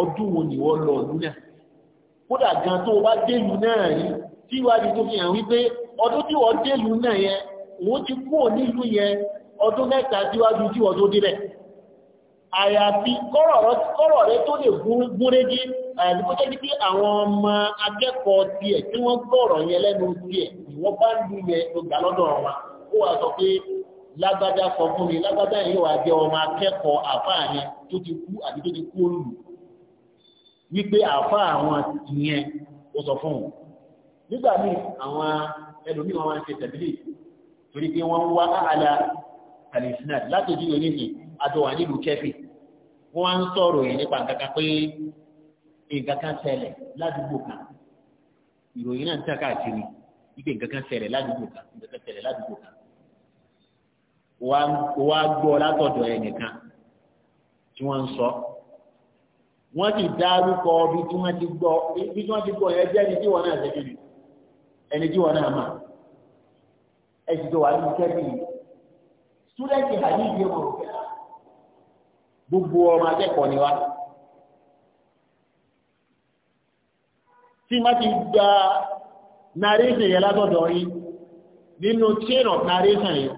ọdún wo ni wọ́n lọ ìlú náà kódà gan tó bá délùú náà rí tí ìwádìí tó fi hàn wípé ọdún tí wọ́n délùú náà yẹn òun ti kúrò nílùú yẹn ọdún mẹ́ta síwájú tí wọ́n tó débẹ̀ àyàfi kọ́rọ̀ rẹ tó lè gúnrégé àyàfi kó jẹ́ pé àwọn ọmọ akẹ́kọ̀ọ́ tiẹ̀ tí wọ́n gbọ́rọ̀ yẹn lẹ́nu tiẹ̀ ìwọ́n bá ń lu yẹn tó gbà lọ́dọ̀ wa ó wà sọ pé lágbájá sọ fún mi lágbájá yìí wà jẹ́ ọmọ akẹ́kọ̀ọ́ àfáà yẹn tó ti kú àti tó ti kú olù wípé àfáà àwọn ìyẹn ó sọ fún wọn nígbà míì àwọn ẹlòmíì wọn ń ṣe tẹ̀lé torí pé wọ́n wá àhàlà al-isnad látòjú yóò níbi àtọwà nílùú kẹfì wọn á ń sọ̀rọ̀ yìí nípa nǹkan kan pé nǹkan kan ṣẹlẹ̀ ládùúgbò kan ìròyìn náà ń tà káàkiri ipe nǹkan kan ṣẹlẹ̀ ládùúgbò kan nǹkan kan ṣẹlẹ̀ ládùúgbò kan wọ́n á gbọ́ látọ̀dọ̀ ẹnìkan tí wọ́n ń sọ wọ́n ti dárúkọ bí tí wọ́n ti gbọ́ bí tí wọ́n ti gbọ́ yẹn jẹ́ ẹni tí wọ́n náà ṣe kiri ẹni tí wọ́n náà mà ẹ ti tó wà ní kẹ́bí túdẹ́ǹtì àyè ìdí ẹ̀wọ̀n gbogbo ọmọ akẹ́kọ̀ọ́ ni wa. tí má ti gba narration yẹn látọ̀dọ̀ yín nínú chain of narration yẹn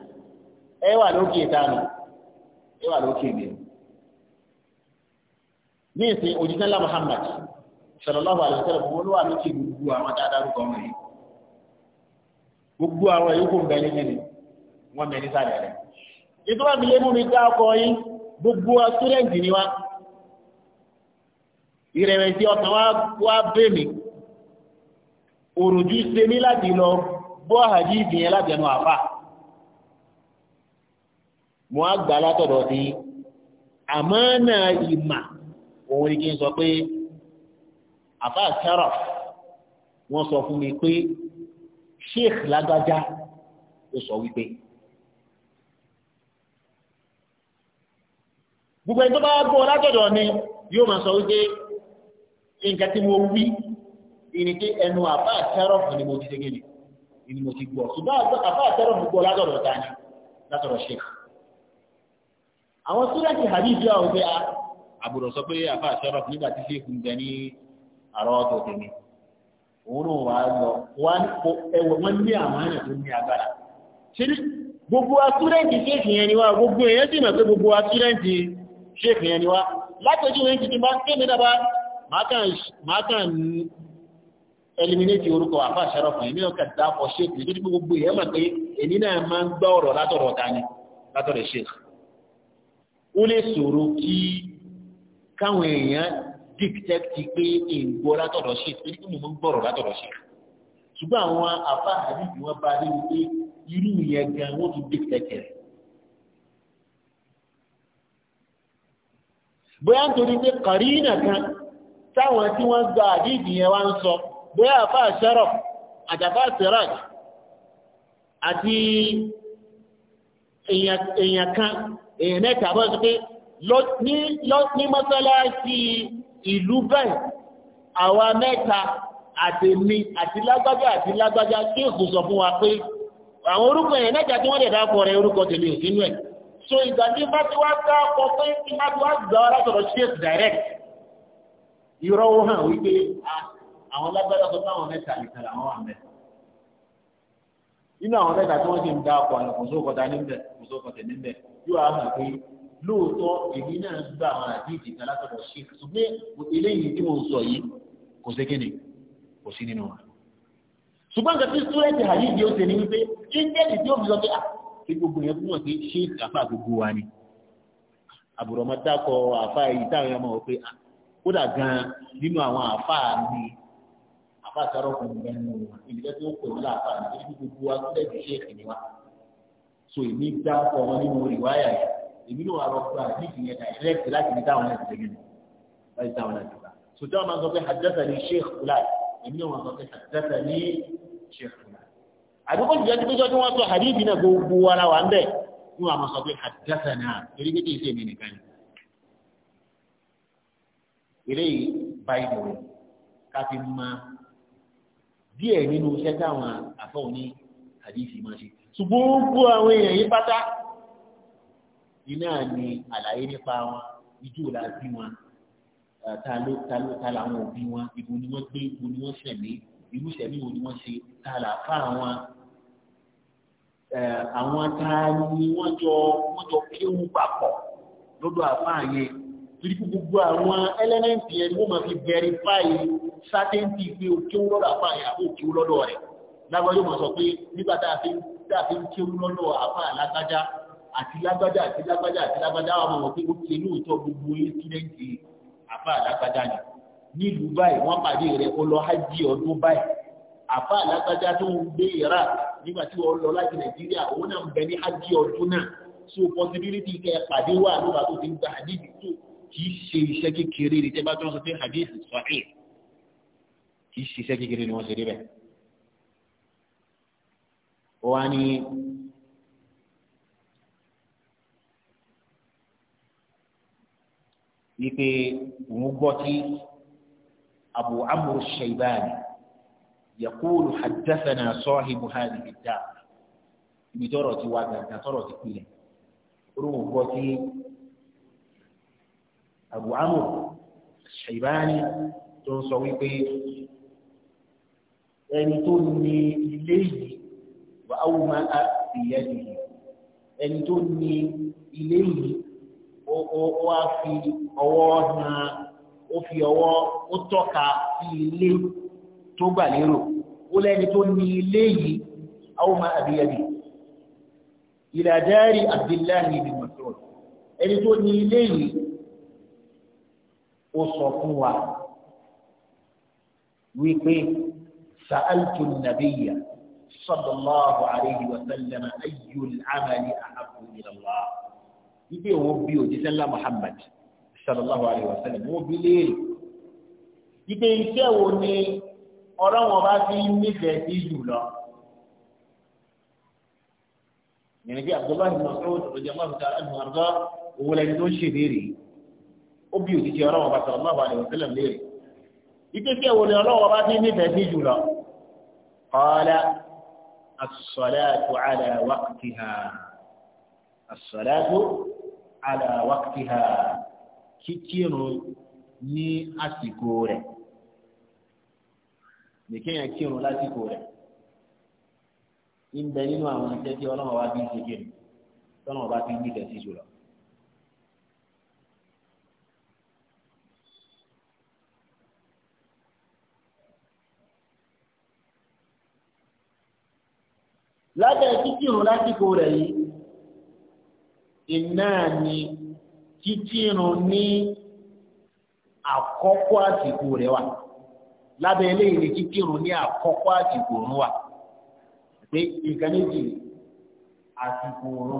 ẹ wà lókè ìtanù ẹ wà lókè ìgbẹ́ ní ìsìn òjìṣẹ́lá Muhammad sallallahu alaihi wasallam wọn ló wà lókè gbogbo àwọn dáadáa ọmọ yìí gbogbo àwọn yòókù ń bẹ ní kíni wọn bẹ ní sàlẹ̀ rẹ̀ ìtọ́ àti lé mú mi dá ọkọ̀ yín gbogbo wa túrẹ́ǹtì ni wa ìrẹ̀wẹ̀sì ọ̀tàn wa wá bẹ́ mi òròjú ṣe mí láti lọ gbọ́ àjí ìdìyẹn láti ẹnu àfà mo á gbà látọ̀dọ̀ sí àmọ́ náà ìmà òun ni kí n sọ pé àfà sẹ́rọ̀ wọ́n sọ fún mi pé sheikh lagaja, ó sọ wípé. gbogbo ẹni tó bá gbọ́ látọ̀dọ̀ ni yóò máa sọ wípé nǹkan tí mo wí ìní pé ẹnu àbá àtẹ́rọ̀fù ni mo ti ṣe gẹ́gẹ́ ni mo ti gbọ́ ṣùgbọ́n àbá àtẹ́rọ̀fù gbọ́ látọ̀dọ̀ ta ni látọ̀dọ̀ ṣe àwọn súrẹ́tì hadithi àwọn pé àbùrọ̀ sọ pé àbá àtẹ́rọ̀fù nígbà tí ṣe fún bẹ ní àrọ́ ọ̀tọ̀ tèmi òun náà wà á lọ wọ́n ní àmàlà tó ní agbára ṣéèkì yẹn ni wá látọjú rẹ̀ ti ti bá kéèmì dábá máa kàn eliminate orúkọ àfà ṣẹ́rọ̀fún èmi náà kàtà fọ ṣéèkì tó dípò gbogbo èèyàn mọ̀ pé èmi náà máa ń gbọ́ ọ̀rọ̀ látọ̀rọ̀ ta ni látọ̀rọ̀ ṣéèkì ó lè sọ̀rọ̀ kí káwọn èèyàn dìtẹ́kì pé ìgbọ́ látọ̀rọ̀ ṣéèkì tó dípò ṣùgbọ́n àwọn àfà àdìsí wọn bá dé wípé irú ìyẹn gan wọ́n tún dìtẹ́kì bóyá nítorí pé kàrínà kan táwọn tí wọ́n gba àdídì yẹn wá ń sọ bóyá àfá àṣẹ́rọ̀ àjàfá sẹ́ràj àti èèyàn kan èèyàn mẹ́ta bọ́ sí pé ní mọ́sálásí ìlú bẹ́ẹ̀ àwa mẹ́ta àtèmi àti lágbájá àti lágbájá kí èkó sọ fún wa pé àwọn orúkọ èèyàn mẹ́ta tí wọ́n dẹ̀ dákọ̀ rẹ̀ orúkọ tèmi ò ẹ̀ so ìgbà tí bá ti wá dá ọkọ̀ pé tí bá ti wá gbà ọ́ látọ̀rọ̀ ṣíẹ̀sì direct irọ́ ó hàn wípé ah, àwọn lágbára tó táwọn mẹ́ta nìkan làwọn wà mẹ́ta inú àwọn mẹ́ta tí wọ́n ti ń dá ọkọ̀ àlọ́ kò sókòtà níbẹ̀ kò sókòtà níbẹ̀ yóò á hàn pé lóòótọ́ èmi náà gbà àwọn àdíjì kan látọ̀dọ̀ ṣíẹ̀sì ṣùgbọ́n eléyìí tí mo sọ yìí kò sí kíni kò sí nínú wa ṣùgbọ́n nǹkan tí súrẹ́ẹ̀tì àyíjì ó tí gbogbo yẹn fún wọn sí ṣéèkì àfà gbogbo wa ni àbùrọ̀mọ́ dákọ̀ àfà yìí táwọn ọmọ wọn pé ah, kódà gan-an nínú àwọn àfà mi àfà sọ̀rọ̀ fún mi lẹ́nu wọn ìdílé tó pè wọ́n láàfà mi tó ní gbogbo wa tó lẹ́nu ṣéèkì ni wa so èmi dákọ̀ wọn nínú ìwáyà yẹn èmi náà wà lọ́kọ́ àdìsí yẹn dàrẹ́kì láti ní táwọn náà ti tẹ̀lé سودان ما قال حدثني شيخ فلان ابن ما قال حدثني شيخ فلان àdúgbò ìjọ tí péjọ tí wọ́n sọ hadithi náà gbogbo ara wà ń bẹ̀ fún àwọn sọ pé haddathana torí pé kìí ṣe èmi nìkan ni. eléyìí báyìí lòwe ká fi mọ díẹ̀ nínú iṣẹ́ táwọn àfọwọ́ ní hadithi máa ṣe ṣùgbọ́n gbogbo àwọn èèyàn yìí pátá iná ni àlàyé nípa wọn ijú la bí wọn ta ló ta ló ta làwọn òbí wọn ibo ni wọ́n gbé ibo ni wọ́n ṣẹ̀mí irú wo ni wọ́n ṣe ta làáfà wọn Eh, àwọn taani wọ́n jọ wọ́n jọ kéwú papọ̀ lọ́dọ̀ àfáà yẹn torí kú gbogbo àwọn ẹlẹ́mẹ̀ntì yẹn ni wọ́n máa fi verify certainty pé o kéwú lọ́dọ̀ àfáà yẹn àbí o kéwú lọ́dọ̀ rẹ̀ lágbájá mọ̀ sọ pé nígbà tá a fi ń kéwú lọ́dọ̀ àfáà lágbájá àti lágbájá àti lágbájá àti lágbájá wà mọ̀ pé ó ti lóòótọ́ gbogbo ìsídẹ́ǹtì àfáà lágbájá ni nílùú báyìí wọ́n pàdé rẹ̀ ó lọ hajj ọdún báyìí àfáà lágbájá tó ń gbé iraq nígbà tí wọ́n lọ láti nàìjíríà owó náà ń bẹ ní ájí ọdún náà so possibility kẹ pàdé wà lóba tó ti ń gba hadith tó kì í ṣe iṣẹ́ kékeré ní tẹ́bá tó ń sọ pé hadith sahih kì ṣe iṣẹ́ kékeré ni wọ́n ṣe débẹ̀. wọ́n á ní wípé òun gbọ́ tí Abu Amr Shaybani yaqulu haddathana sahibu hadhihi ad-dar ibi tọrọ ti wá gàgà tọrọ ti pilẹ̀ olùkọ́ gbọ́ sí Abu Amr Shaybani tó ń sọ wípé ẹni tó ní ilé yìí wà áwù máa á ìyá yìí ẹni tó ní ilé yìí ó wá fi ọwọ́ na ó fi ọwọ́ ó tọ́ka sí ilé yìí tó gbà lérò ó lẹ́ni tó ní ilé yìí àwọn ọmọ àbíyẹ̀bì ìlàjáàrí Abdullahi bin Mas'ud ẹni tó ní ilé yìí ó sọ fún wa wípé sa'altu nabiyya sallallahu alayhi wa sallam ayyul amali ahabbu ila Allah ibi òun bí òjíṣẹ́ Muhammad sallallahu alayhi wa sallam wọ́n bí léèrè ibi iṣẹ́ wo ni ọlọ́wọ́n bá fi nífẹ̀ẹ́ sí jù lọ. yẹn bí abdullahi masoud ọjọba fi tààrà ẹnu àgbà owó lẹni tó ń ṣe léèrè ó bí òjijì ọlọ́wọ́n bá sọ̀rọ̀ máa wà ní òṣèlè léèrè ìgbésẹ̀ wo ni ọlọ́wọ́n bá fi nífẹ̀ẹ́ sí jù lọ. qala as-salatu ala waqtiha as nìkéyàn kírun lásìkò rẹ̀ ń bẹ nínú àwọn iṣẹ́ tí ọlọ́run wa bí ń ṣe kírun tọ́lọ́run bá fi ń gbìtẹ̀ sí jùlọ. lábẹ́ kíkírun lásìkò rẹ̀ yìí iná ni kíkírun ní àkọ́kọ́ àsìkò rẹ̀ wà lábẹ́ eléyìí ni kíkírun ní àkọ́kọ́ àsìkò òun wà pé nǹkan méjì àsìkò òun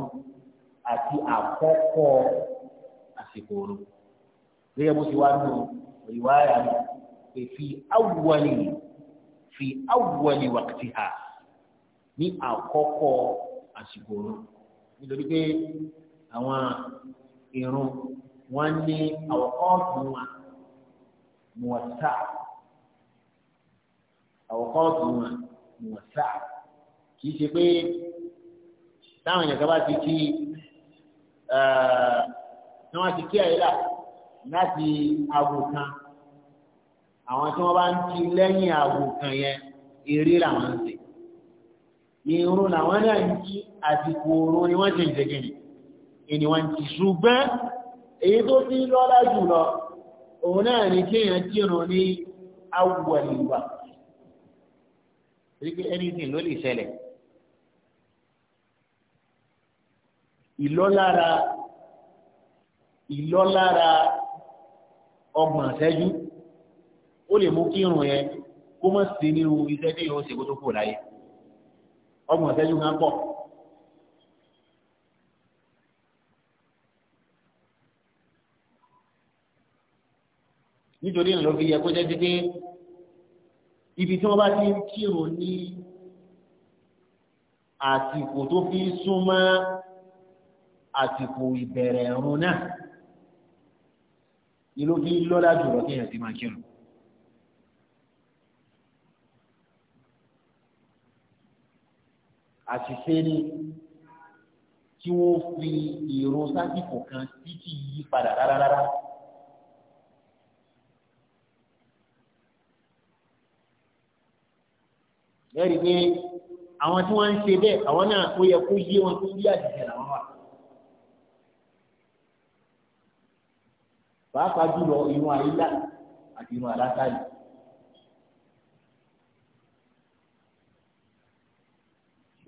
àti àkọ́kọ́ àsìkò òun gẹ́gẹ́ bó ti wá nù ìwà ara mi pé fi awwali fi awwali waqtiha ní àkọ́kọ́ àsìkò òun nítorí pé àwọn irun wọn ní àwòkọ́ọ̀tún wa mọ̀ọ́tà àwòkọ́ ọ̀tún wọn ni wọ́n sá kì í ṣe pé táwọn èèyàn kan bá ti kí eh, tí wọ́n ti kí ẹ̀yìn là láti aago kan àwọn tí wọ́n bá ń kí lẹ́yìn aago kan yẹn eré làwọn ń ṣe irun làwọn náà ń kí àsìkò oorun ni wọ́n ṣe ń ṣe kìnnì ènìwọ̀n ti ṣùgbọ́n èyí tó fi lọ́lá jùlọ òun náà ní kéèyàn kírun ní awùwẹ̀lùwà torí pé anything ló lè ṣẹlẹ̀ ìlọ́lára ìlọ́lára ọgbọ̀n ṣẹ́jú ó lè mú kí irun yẹn kó má sí nínú iṣẹ́ tí yóò ṣe kó tó kù láyé ọgbọ̀n ṣẹ́jú kan pọ̀. nítorí ìlú fi yẹ kó jẹ́ títí ibi tí wọ́n bá ti ń kírun ní àsìkò tó fi súnmọ́ àsìkò ìbẹ̀rẹ̀ ẹ̀rùn náà ni ló fi lọ́lá jùlọ kí èèyàn ti máa kírun. àṣìṣe ni tí wọ́n fi ìrun sásìkò kan títí yí padà rárá rárá. Rá. lẹ́rìí pé àwọn tí wọ́n ń ṣe bẹ́ẹ̀ àwọn náà ó yẹ kó yé wọn tó yí àdìsẹ̀ làwọn wà. pàápàá jùlọ irun àyílá àti irun àlátàlì.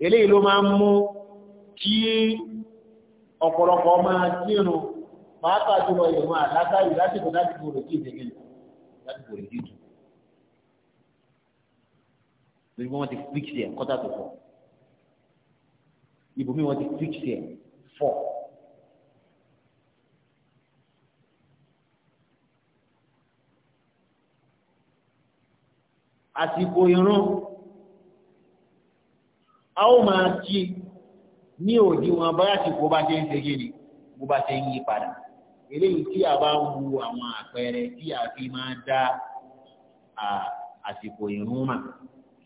eléyìí ló máa ń mú kí ọ̀pọ̀lọpọ̀ máa dírun pàápàá jùlọ irun àlátàlì lásìkò láti gbòòrò kí ìdẹ́gẹ́lì láti gbòòrò kí ìdù lórí wọn ti fix ẹ̀ kọ́tà tó fọ́ ibùmí wọn ti fix ẹ̀ fọ́. àsìkò ìran a ó máa kí ní òdiwọ̀n bá àsìkò bá ṣe ń ṣe kí ni bó bá ṣe ń yí padà eléyìí tí a bá ń wo àwọn àpẹẹrẹ tí a fi máa dá àsìkò ìrun mà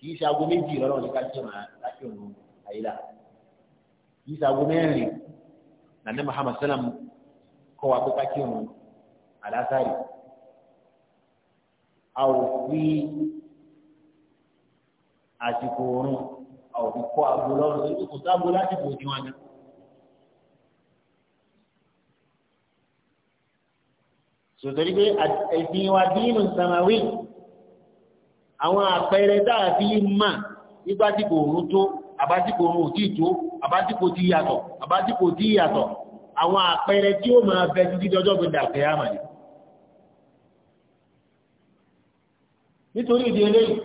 kì í ṣe aago méjì lọ́rọ̀ ní kájọ̀mọ́ lájọ̀mọ́ àyílà kì í ṣe aago mẹ́rin nàní Muhammad sallam kọ́ wa pé kájọ̀mọ́ àlásàrì a ò fi àsìkò oorun a ò fi kọ́ aago lọ́rùn tó kò sáàgó lásìkò òdiwọ̀n ni. sòtòrí pé ẹ̀sìn wa dínú sàmáwí àwọn àpẹẹrẹ dáa fi mà nígbà tí kò rún tó àbátìkò rún òtí tó àbátìkò tí yàtọ̀ àbátìkò tí yàtọ̀ àwọn àpẹẹrẹ tí ó máa bẹ títí dọjọ́ gbẹ̀dà kẹ́yàmà ni nítorí ìdí eléyìí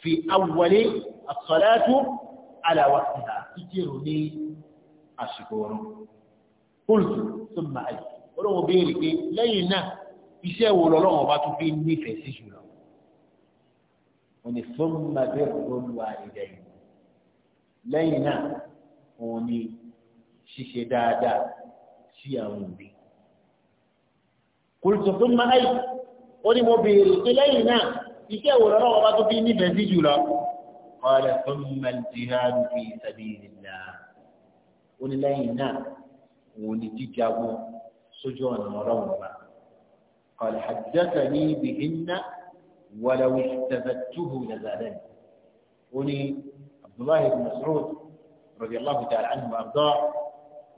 fi awwali as-salatu títí rò ní àsìkò ọ̀run kúlù tó máa yìí iṣẹ́ wo lọ́lọ́wọ́n bá tún fi nífẹ̀ẹ́ sí jùlọ wọ́n ní sọ́mà bẹ́ẹ̀ olúwa ìdẹ̀ yìí lẹ́yìn náà wọ́n ní ṣíṣe dáadáa sí àwọn òbí kòlùtò tó máa ẹ̀ ó ní mo béèrè pé lẹ́yìn náà iṣẹ́ wo lọ́lọ́wọ́n bá tún fi nífẹ̀ẹ́ sí jùlọ qala sọ́mà jihadu fi sabilillah ó ní lẹ́yìn náà wọ́n ní jíjagun sójú ọ̀nà ọlọ́wọ́n bá. قال حدثني بهن ولو استبدته لزادني وني عبد الله بن مسعود رضي الله تعالى عنه وارضاه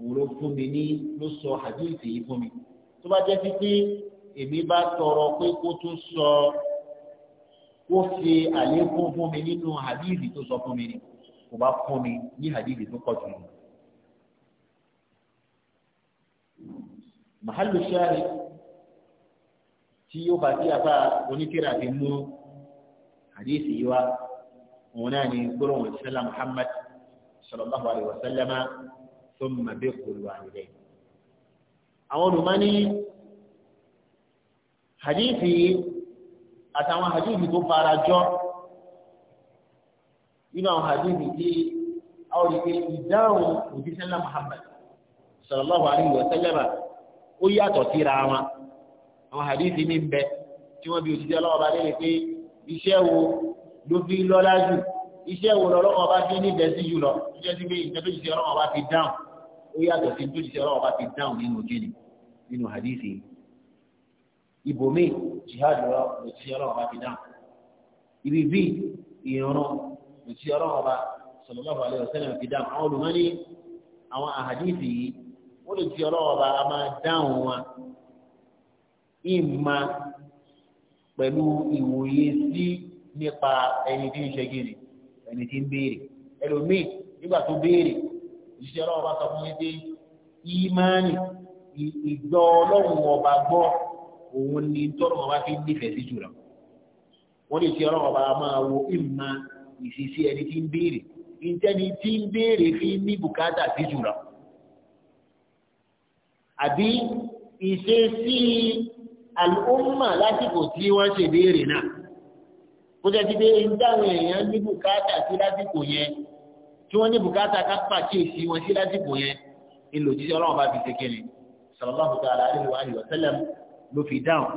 ولفمني نص حديثه فمي tó bá jẹ́ sí pé èmi bá tọrọ pé kó tún sọ kó fi àlékún fún mi nínú hadithi tó sọ fún mi ni kò bá fún mi ní hadithi tó pọ̀ jù lọ. mahalu shahid tí yóò bá sí afá onítìrà fi mú àdéhìsì yìí wá òun náà ni gbólóhùn ìṣẹ́lá Muhammad sallallahu alayhi wa sallama thumma bí kúrò wà nílẹ̀. àwọn olùmọ́ni àdéhìsì àtàwọn àdéhìsì tó fara jọ nínú àwọn àdéhìsì tí àwọn olùkẹ́ ìdáhùn òjíṣẹ́lá Muhammad sallallahu alayhi wa sallama ó yàtọ̀ síra wọn àwọn hadithi ní bẹ tí wọ́n bí òṣìṣẹ́ ọlọ́wọ́ bá lérè pé iṣẹ́ wo ló fi lọ́lá jù iṣẹ́ wo lọ́lọ́wọ́ bá fi ní bẹ́sí jù lọ iṣẹ́ sí pé ìṣẹ́ tó ṣiṣẹ́ ọlọ́wọ́ bá fi dáhùn ó yàtọ̀ sí tó ṣiṣẹ́ ọlọ́wọ́ bá fi dáhùn nínú kíni nínú hadithi ibòmí jihad lọ òṣìṣẹ́ ọlọ́wọ́ bá fi dáhùn ibi bí ìmọ̀ pẹ̀lú ìwòye sí nípa ẹni tí ń ṣe gírì ẹni tí ń béèrè ẹlòmíì nígbà tó béèrè ìṣiṣẹ́ ọlọ́run bá sọ fún mi pé ìmánì ìgbọ́ ọlọ́run ọba gbọ́ òun ni tọ́lọ́ ọba fi nífẹ̀ẹ́ sí jùlọ wọ́n lè ṣe ọlọ́run ọba máa wo ìmọ̀ ìṣesí ẹni tí ń béèrè ìtẹ́ni tí ń béèrè fi ní bùkátà sí jùlọ àbí ìṣesí àlùmọ̀ lásìkò tí wọ́n ṣe béèrè náà kó jẹ́ ti pé ń dáwọn èèyàn ní bùkátà sí lásìkò yẹn tí wọ́n ní bùkátà ká pàkíyèsí wọn sí lásìkò yẹn ìlò jíjẹ́ ọlọ́run bá fi ṣe kiri sallallahu ta'ala alaihi wa sallam ló fi dáhùn.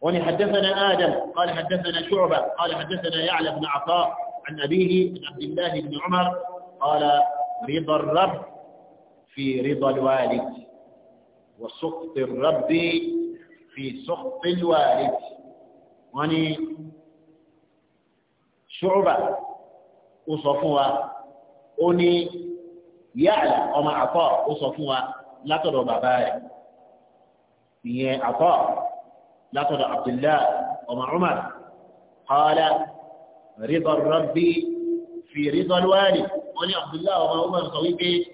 وني حدثنا آدم قال حدثنا شعبة قال حدثنا يعلى بن عطاء عن أبيه عبد الله بن عمر قال رضا الرب في رضا الوالد وسخط الرب في سخط الوالد وني شعبة وصفوها أني يعلى وما عطاء وصفوها لا ترى باباي هي عطاء لا ترى عبد الله وما عمر قال رضا الرب في رضا الوالد وني عبد الله وما عمر صويبه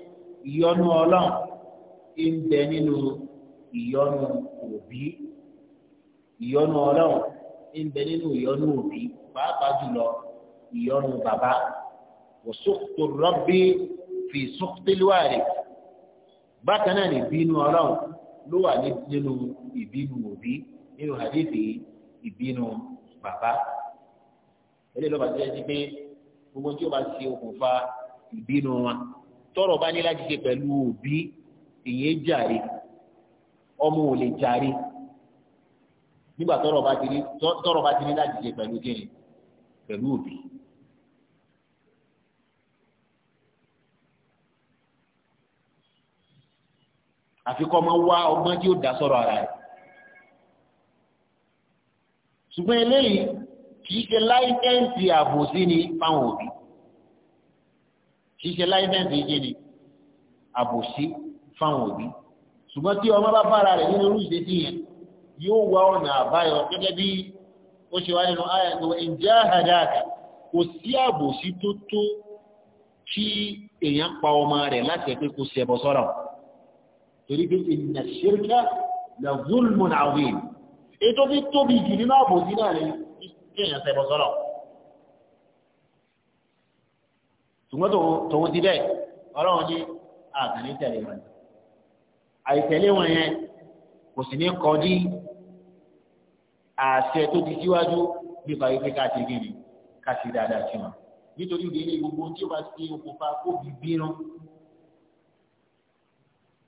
ìyọnu ọlọ́run ń bẹ nínú ìyọnu òbí ìyọnu ọlọ́run ń bẹ nínú ìyọnu òbí pàápàá jùlọ ìyọnu bàbá wòsókòtò rọ́bì fi sókòtìlúwàrì bákan náà ní ìbínú ọlọ́run ló wà nínú ìbínú òbí nínú àdéhìí ìbínú bàbá eléyìí ló jẹ́ sí pé gbogbo tí ó bá ṣe okùnfà ìbínú wọn tọrọ bá ní láti ṣe pẹ̀lú òbí ìyẹn jàre ọmọ ò lè jàre nígbà tọrọ bá ti ní tọrọ bá ti ní láti ṣe pẹ̀lú kíni pẹ̀lú òbí. àfikọ́ máa wá ọgbọ́n tí ó dá sọ̀rọ̀ ara rẹ̀ ṣùgbọ́n eléyìí kì í ṣe láìsẹ́ǹsì ààbò sí ni fáwọn òbí kì í ṣe láìsẹ̀nsì yìí ni àbòsí fáwọn òbí ṣùgbọ́n tí ọmọ bá bára rẹ̀ nínú irú ìṣesí yẹn yóò wá ọ̀nà àbáyọ gẹ́gẹ́ bí ó ṣe wá nínú ayàtọ̀ ìjẹ́ àdáàkà kò sí àbòsí tó tó kí èèyàn pa ọmọ rẹ̀ láti ẹ̀pẹ́ kò sí ẹbọ sọ́ra torí pé inna shirka la zulmun azim ètò tí tóbi jù nínú àbòsí náà ni kéèyàn ṣẹbọ sọ́ra ọ̀ ṣùgbọ́n tòun ti bẹ́ẹ̀ ọlọ́run ní àgàní tẹ̀lé wọn àìtẹ̀lé wọn yẹn kò sì ní kọ́ àṣẹ tó ti síwájú nípa wípé ká ti gé ni ká ti dáadáa sí wọn nítorí ìdí ilé gbogbo tí o bá ti okùnfà kó bí bínú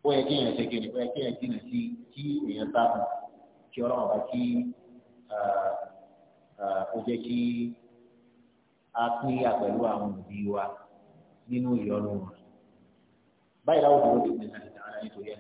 ó yẹ kí èèyàn ṣe kéde ó yẹ kí èèyàn jìnnà sí kí èèyàn bá kàn kí ọlọ́run bá kí ó jẹ́ kí a pín àpẹ̀lú àwọn òbí wa nínú ìyọnu wọn báyìí láwùjọ ló ti gbé náà nítorí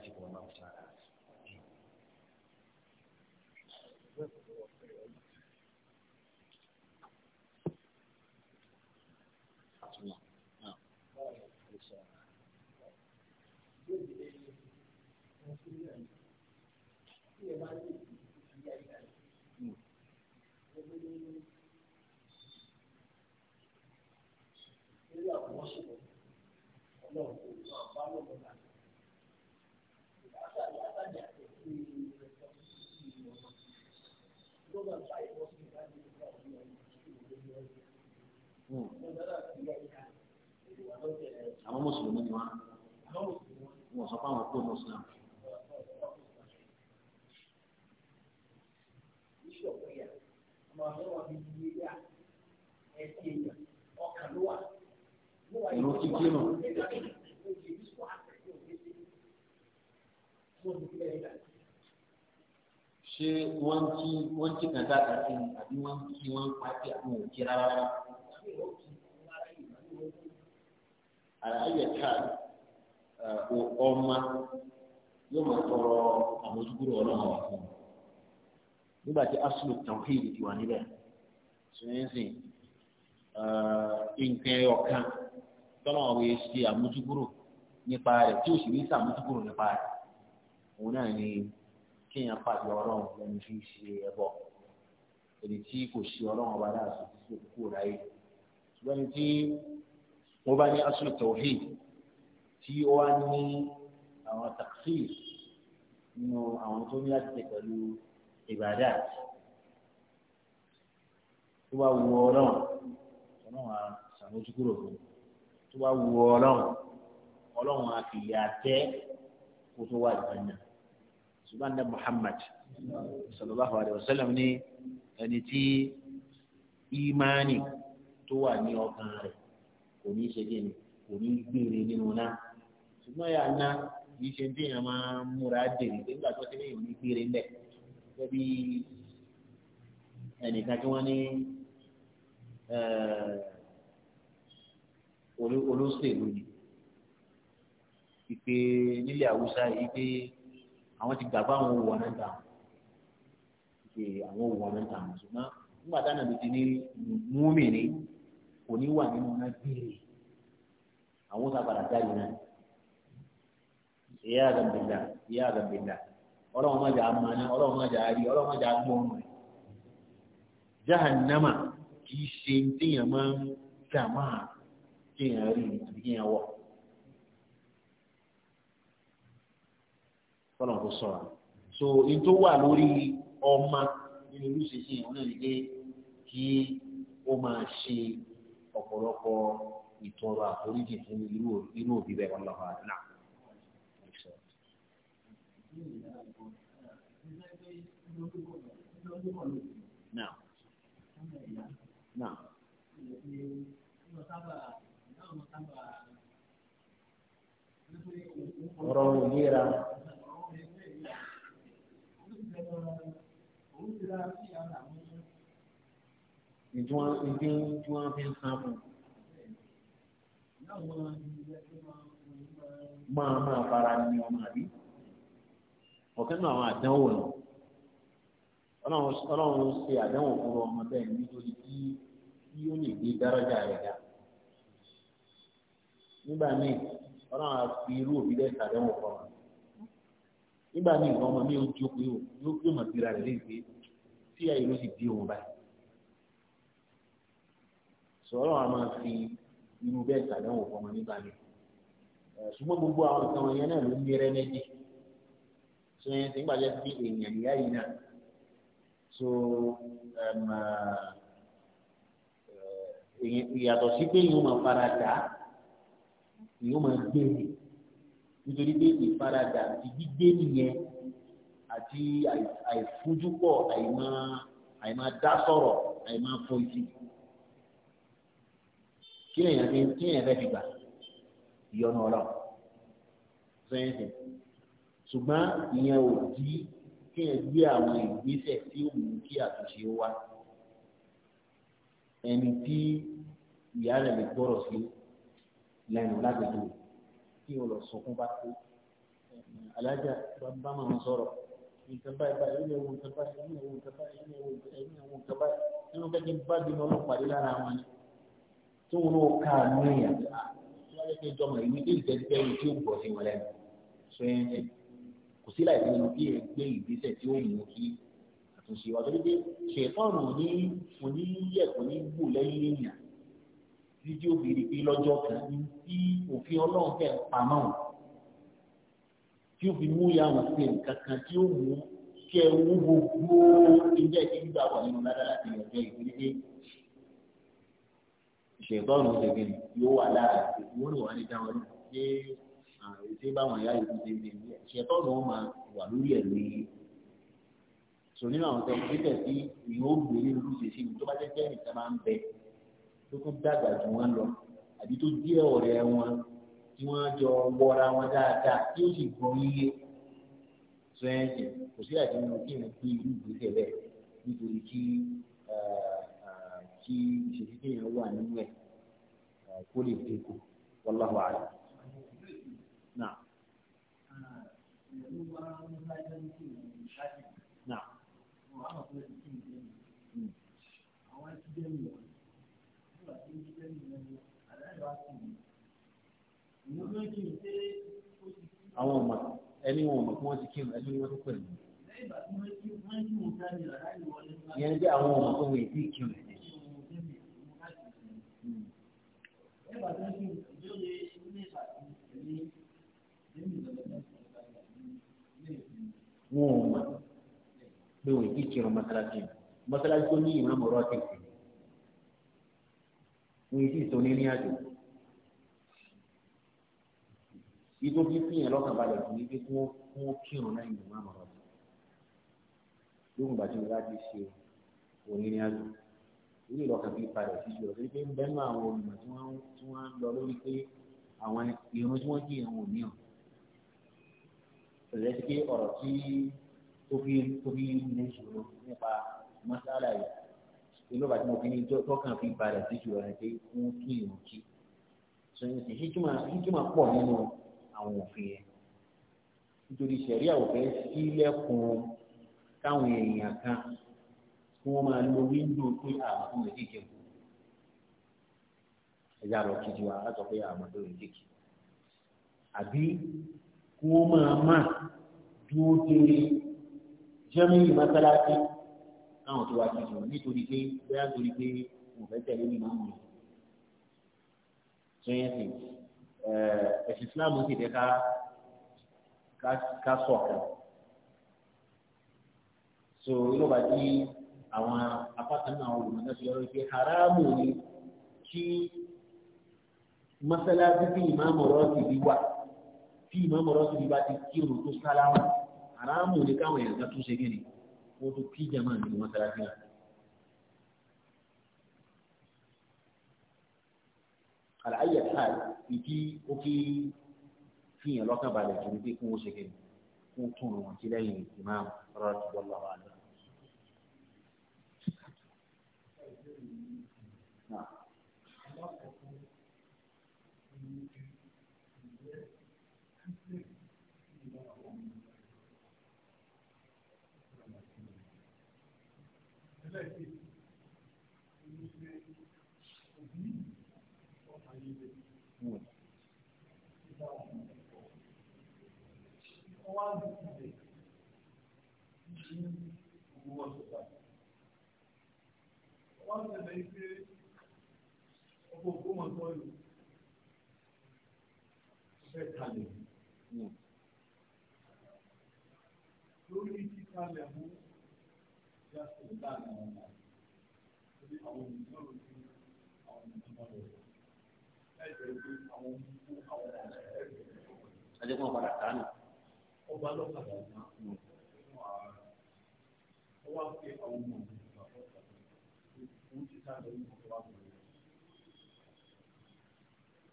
àwọn mùsùlùmí ni wọn wọn sọ fún àwọn kó mùsùlùmí. Ìlú kíkí nù. ṣé wọ́n ti wọ́n ti kàn dá àtàkì ni àbí wọ́n ti wọ́n pàṣẹ àwọn òkè rárá. àlàyé ọmọ yóò máa tọrọ àmójúkúrò ọlọ́run wà nígbà tí asulu tawhid ti wà níbẹ̀ sùnẹ́sìn nǹkan ọ̀kan tọ́lá ṣe àmójúkúrò nípa rẹ̀ tí nípa rẹ̀ òun náà kéèyàn pàdé ọlọ́run lẹ́nu tí ń ṣe ẹbọ ẹni tí kò ṣe ọlọ́run ọba dáa sùn tí kò kú ráyè ṣùgbọ́n ẹni tí wọ́n bá ní asùn tawhid tí ó wá ní àwọn takfir nínú àwọn tó ní láti tẹ̀ pẹ̀lú ìbàdà tó bá wu ọlọ́run ọlọ́run á ṣàmójú kúrò fún tó bá wu ọlọ́run ọlọ́run á fi yà tẹ́ kó tó wà ìbàdàn ṣùgbọ́n ní Muhammad sallallahu alayhi wa sallam ní ẹni tí ìmánì tó wà ní ọkàn rẹ̀ kò ní ṣe kí ni kò ní gbére nínú náà ṣùgbọ́n yà ná yìí ṣe ń tẹ̀yàn máa ń múra dèrè pé nígbà tó ti ní ìwé gbére ńlẹ̀ gẹ́bí ẹnìkan tí wọ́n ní eh, olóṣèlú ni ìpè nílẹ̀ Haúsá yìí pé àwọn ti gbàgbọ́ àwọn òwò ọ̀nà ìta ṣe àwọn òwò ọ̀nà ìta ṣùgbọ́n nígbà táwọn àmì ti ní múmi ni kò ní wà nínú ọ̀nà gbére àwọn tá a padà dá yìí náà ìyá àgàbìlà ìyá àgàbìlà ọlọ́run má jà á mọ náà ọlọ́run má jà ọlọ́run má jà rẹ̀ jahannama kì í ṣe téèyàn máa ń gbà máa téèyàn rí àbí wọ̀. fọlọ́n kò sọ̀rọ̀ so n tó wà lórí ọmọ nínú olùṣèṣe yẹn náà nìké kí ó máa ṣe ọ̀pọ̀lọpọ̀ ìtọrọ àforíjì fún irú òbí bẹ́ẹ̀ wọn lọ́wọ́ àdúrà. Now. Now. Ọ̀rọ̀ òmìnira. ìdí tí fi ń san fún máa máa fara ní ọmọ àbí ọ̀kẹ́ náà àwọn àdánwò ni ọlọ́run ṣe àdánwò fún ọmọ bẹ́ẹ̀ nítorí kí kí lè gbé dárọ́jà rẹ̀ ga nígbà míì ọlọ́run fi irú òbí lẹ́sẹ̀ àdánwò fún ọmọ. nígbà míì nǹkan ọmọ mi ò jókòó yóò yóò yóò mọ̀ síra rẹ̀ léyìí pé tí ayé ló sì di òun báyìí. sọ̀rọ̀ a máa fi irú bẹ́ẹ̀ sàdánwò fọmọ nígbà mi. ṣùgbọ́n gbogbo àwọn nǹkan wọn yẹn náà ló ní rẹ́mẹ́dì. sọ yẹn ti ń gbàjẹ́ sí èèyàn ìyá yìí náà. so ìyàtọ̀ sí pé yóò máa fara dà yóò máa gbé mi. E nítorí pé ìfaradà àti gbígbé nìyẹn àti àìfojúpọ̀ àìmọ̀ àìmọ̀ dá sọ̀rọ̀ àìmọ̀ fọ ìsì kí èèyàn fi kí èèyàn fẹ́ fi gbà ìyọnu ọlọ́run sẹ́yìn sẹ́yìn ṣùgbọ́n ìyẹn ò dí kí ẹ gbé àwọn ìgbésẹ̀ tí ó mú kí àtúnṣe wá ẹni tí ìyá rẹ̀ lè gbọ́rọ̀ sí lẹ́nu lágbègbè kí o lọ sọkún bá tó alájà bá bá màmá sọ̀rọ̀ nǹkan báyìí báyìí ilé wo nǹkan báyìí ilé wo nǹkan báyìí ilé wo ẹ̀yìn wo nǹkan báyìí tí wọ́n kẹ́kẹ́ bá bínú ọlọ́pàá dé lára wọn ni tí wọ́n lọ ká àánú èèyàn ah, tí wọ́n kẹ́kẹ́ jọmọ ìwé tí ìjẹ́jẹ́ yìí tí ó gbọ́ sí wọn lẹ́nu fẹ́ẹ́rẹ́ kò sí láì nínú kí ẹ gbé ìgbésẹ̀ tí ó mú kí àtúnṣe wa torí pé ṣètọ́nù ní kò ní yẹ kò ní gbù lẹ́yìn èèyàn fídíò béèrè pé lọ́jọ́ kan ní tí òfin ọlọ́run fẹ́ pamọ́ tí ó fi mú ya wọn sí nǹkan kan tí ó mú kí ẹ wú gbogbo ilé ẹ̀kí gbígbà wà nínú ládàá láti ọjọ́ ìgbéléwé ìṣègbọ́n ọ̀gbẹ̀gbẹ̀ yóò wà lára ìwọ́n lè wà ní dáwọn ṣé ṣé báwọn ìyá yìí ti ṣe ṣe ìṣègbọ́n wọn máa wà lórí ẹ̀ lóye sọ nínú àwọn tẹ̀síkẹ̀ tí ìhó gbèrè lóṣèṣì tó bá jẹ́ jẹ́ ìta máa ń bẹ tó tún dàgbà jù wọn lọ àbí tó jẹ́ ọ̀rẹ́ wọn tí wọ́n jọ wọra wọn dáadáa tí ó sì gbọ́n yíyé sọ ẹ́ ń sìn kò sí àdéhùn kí n gbé irú ìgbésẹ̀ bẹ́ẹ̀ nítorí kí kí ìṣèlú kéèyàn wà nínú ẹ̀ kó lè dínkù wallahu a'lam. Náà. Náà. Àwọn akíndé mi wà. àwọn ọmọ ẹni wọn ọmọ kí wọ́n ti kírun ẹni wọ́n tó pẹ̀lú. ìyẹn jẹ́ àwọn ọmọ tó wọ̀ èdè kírun. wọn ò pé kírun tó ní ní ní àjò. inú fífi yẹn lọ́kàn balẹ̀ fún mi pé kí wọ́n kí wọ́n kírun náà yìí má màmá mi lóhùn ìgbà tí mo bá ti ṣe onírìn àjò orí ìlọ́kàn fi balẹ̀ sí ìṣòro torí pé ń bẹ́nu àwọn olùmọ̀ tí wọ́n tí wọ́n ń lọ lórí pé àwọn irun tí wọ́n kí irun ò níhàn tòlẹ́ sí pé ọ̀rọ̀ tí tó fi tó fi ní ìṣòro nípa mọ́sálà yìí inú bàtí mo fi ní tọ́kàn fi balẹ̀ sí ìṣòro rẹ̀ pé kí wọ́n kí ṣe ìṣìṣúmọ̀ pọ̀ nínú àwọn òfin yẹn nítorí sẹ̀ríà ò fẹ́ sílẹ̀kùn káwọn èèyàn kan kí wọ́n máa lo wíńdò pé àwọn èdè jẹ̀kù ẹ̀yà rọ̀ kìí wa látọ̀ pé àwọn èdè jẹ̀kù àbí kí wọ́n máa má dúró délé jẹ́mí mọ́sálásí káwọn tó wá kìí nítorí pé bóyá nítorí pé òun fẹ́ ní màmú rẹ̀ Eh, ẹ̀sìn Islam sì dé ká ká ṣọ̀kan so ló bá tí àwọn apákan náà wò lọ́nà fi ọ̀rọ̀ pé haramu ni kí mọ́sálásí tí ìmáàmù rọ́ọ̀sì bí wà tí ìmáàmù rọ́ọ̀sì bí bá ti kírun tó sálámà haramu ni káwọn èèyàn kan tún ṣe kí ni o tún kí jama ní mọ́sálásí náà. على أي حال ìdí ó kí fihàn lọ́kàn balẹ̀ jù ní pé kún ó ṣe kéde kún tún un ti lẹ́yìn ìmáà rárá tó bọ́ lọ́wọ́ àná. Adé kún ọ̀padà kánú. Ọba lọ́kadà náà ń mú ara rẹ̀. Ó wá pé àwọn ọmọ òun ìgbà ọ̀kadà. Òun ti sáré ní ọ̀pọ̀ wa pẹ̀lú.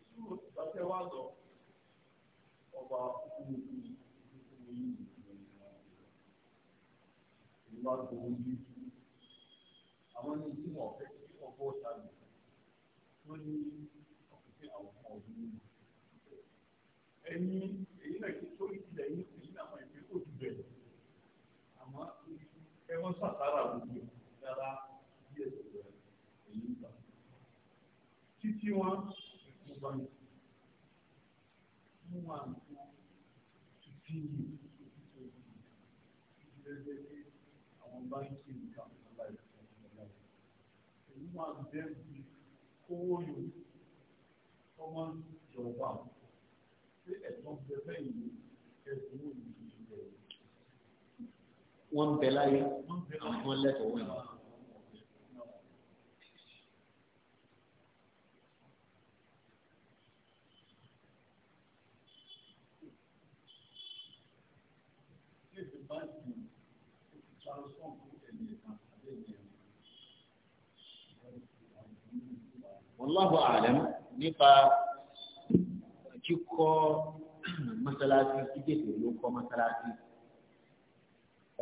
Sùúrù ìgbà tẹ́ wá lọ, ọba wá gbowó yìí àwọn ní tí wọn fẹ́ kí wọn bọ ọta mi wọn ní ọkùnrin àwọn ọmọ ọdún yìí ẹ̀yin èyí náà ti tó ìtìlẹ yín èyí náà máa ìpín kò jù bẹ́ẹ̀ àmọ́ ẹ wọn sàtàrà gbogbo dára díẹ̀ sílẹ̀ èyí ń gbà títí wọn mo bá yìí mo máa ń kó títí yìí. bá ń ṣe nǹkan èyí máa ń bẹ́ẹ̀ bí kówó lò ọmọ ìjọba ṣé ẹ̀tàn bẹ́ẹ̀ yìí ẹ̀sìn òyìnbó wọ́n bẹ láyé wọ́n lẹ́tọ̀ọ́ wọn. wallahu a'lam nípa kíkọ́ mọ́sálásí kíkèké ló kọ́ mọ́sálásí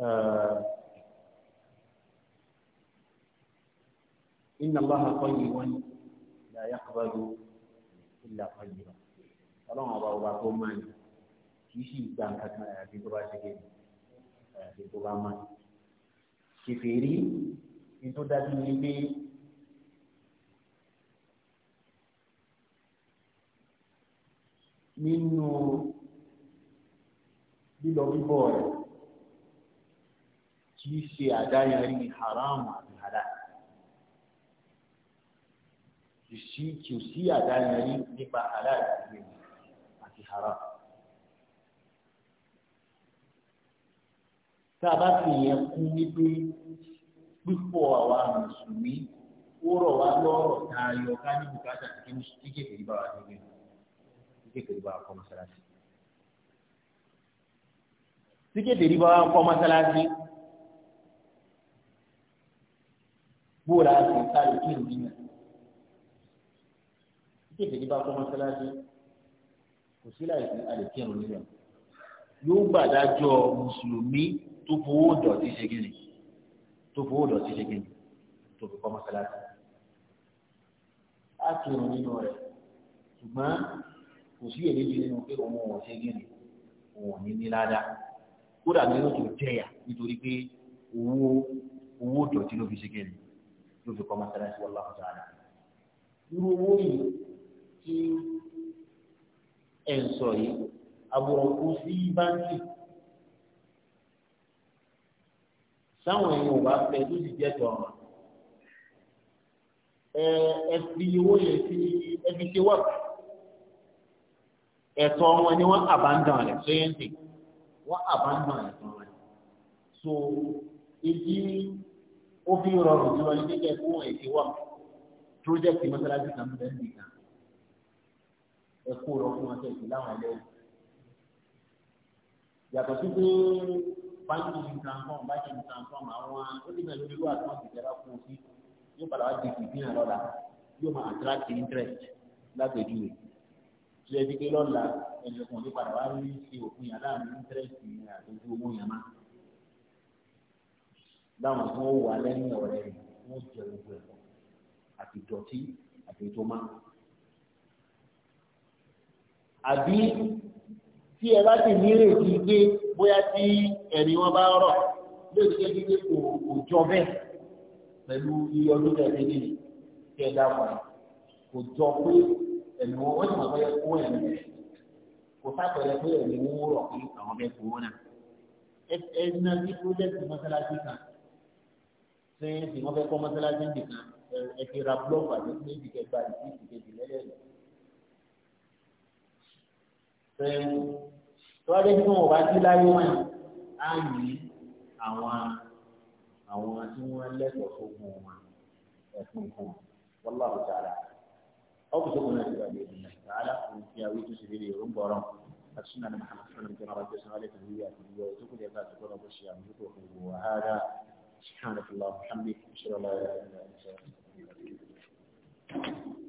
uh, inna allaha tayyiban la yaqbalu illa tayyiban ọlọ́run ọba ọba tó máa ń kì í sì gba nǹkan kan àyàfi tó bá ṣe kéde àyàfi tó máa ń ṣèfèrí ní dájú ní pé. nínú lílọ bíbọ̀ rẹ̀ kì í ṣe àdáyanrí haramu àti hàdá kì í sí àdáyanrí nípa hàdá àti haramu. tá a bá fi yẹn kún wípé pípọ̀ àwa mùsùlùmí ó rọ̀ wá lọ́rọ̀ tá a yọ ká ní bùkátà kékeré bá wa nígbà kékeré bá kọ́ mọ́sálásí tí kékeré bá kọ́ mọ́sálásí bóra ti sáré kí n dínà tí kékeré bá kọ́ mọ́sálásí kò sí láì sí àlèkírun nílẹ̀ yóò gbàdájọ́ mùsùlùmí tó fowó dọ̀tí ṣe ni tó fowó dọ̀tí ṣe ni tó fi kọ́ mọ́sálásí á kírun nínú rẹ̀ ṣùgbọ́n kò sí èdè bí nínú pé òun ò ṣe gírin òun ò ní ní ládàá kódà ní yóò tó jẹyà nítorí pé owó owó dọ̀tí ló fi ṣe gírin ló fi kọ́ mọ́sálásí wọn láwọn sáárà irú owó yìí tí ẹ̀ ń sọ yìí àbúrò kó sí báńkì sáwọn èèyàn ò bá tó sì jẹ́ tọ̀rọ̀ ẹ ẹ fi owó yẹn sí ẹ fi ṣe wákàtí ẹ̀tọ́ wọn ni wọ́n abandon rẹ̀ sẹ́yìntì wọ́n abandon ẹ̀tọ́ rẹ̀ so ìdí ó fi rọrùn jùlọ ní kíkẹ́ fún èké wà project mọ́sálásí kan bẹ́ẹ̀ nìkan ẹ̀kọ́ rọ fún wọn kẹ́kẹ́ láwọn ẹlẹ́yìn yàtọ̀ sí pé báńkì ní transform báńkì ní transform àwọn onímọ̀ lórí wà tí wọ́n ti jẹ́ra fún un sí yóò padà wá di ìpínlẹ̀ lọ́la yóò máa attract interest lágbèjúwe tó yẹ kékeré lọ́la ẹnìkan ní padà wá rí sí òfin yàrá mi íńtẹ́rẹ́sì àtòjú owó yẹn má. dáhùn tí wọ́n wà lẹ́yìn ọ̀rẹ́ rẹ̀ wọ́n jẹ gbogbo ẹ̀kọ́ àti dọ̀tí àti ètò má. àbí tí ẹ bá sì nírètí pé bóyá tí ẹ̀rí wọn bá rọ̀ lè ṣe kíkẹ́ kò jọ bẹ́ẹ̀ pẹ̀lú iye ọdún tẹ̀lé nìyí kí ẹ dáhùn kò jọ pé ẹ̀mí wọn wọ́n ti mọ̀ pé kó ẹ̀mí rẹ̀ kò sápẹ̀lẹ̀ pé ẹ̀mí wọn rọ̀ pé àwọn bẹ́ẹ̀ kó náà ẹ na ní pọ́jẹ́tì mọ́sálásí kan ṣé tí wọ́n fẹ́ kọ́ mọ́sálásí nìkan ẹ ti ra búlọ́ọ̀kù àti méjì kẹgbà àti ìdíkejì lẹ́yìn ṣé tọ́jú tí wọ́n wá sí láyé wọn á ní àwọn àwọn tí wọ́n lẹ́tọ̀ọ́ fún wọn ẹ̀fún fún wọn wọ́n lọ́ọ̀ọ́ sára. أو بسكنا في بأبي الله تعالى ومسياوي تسبيلي رمبارا السنة محمد صلى الله عليه وسلم كما رأيت سنوية كلية وتكون يبقى تكون وهذا سبحانك الله وبحمدك إن شاء الله لا إله إلا أنت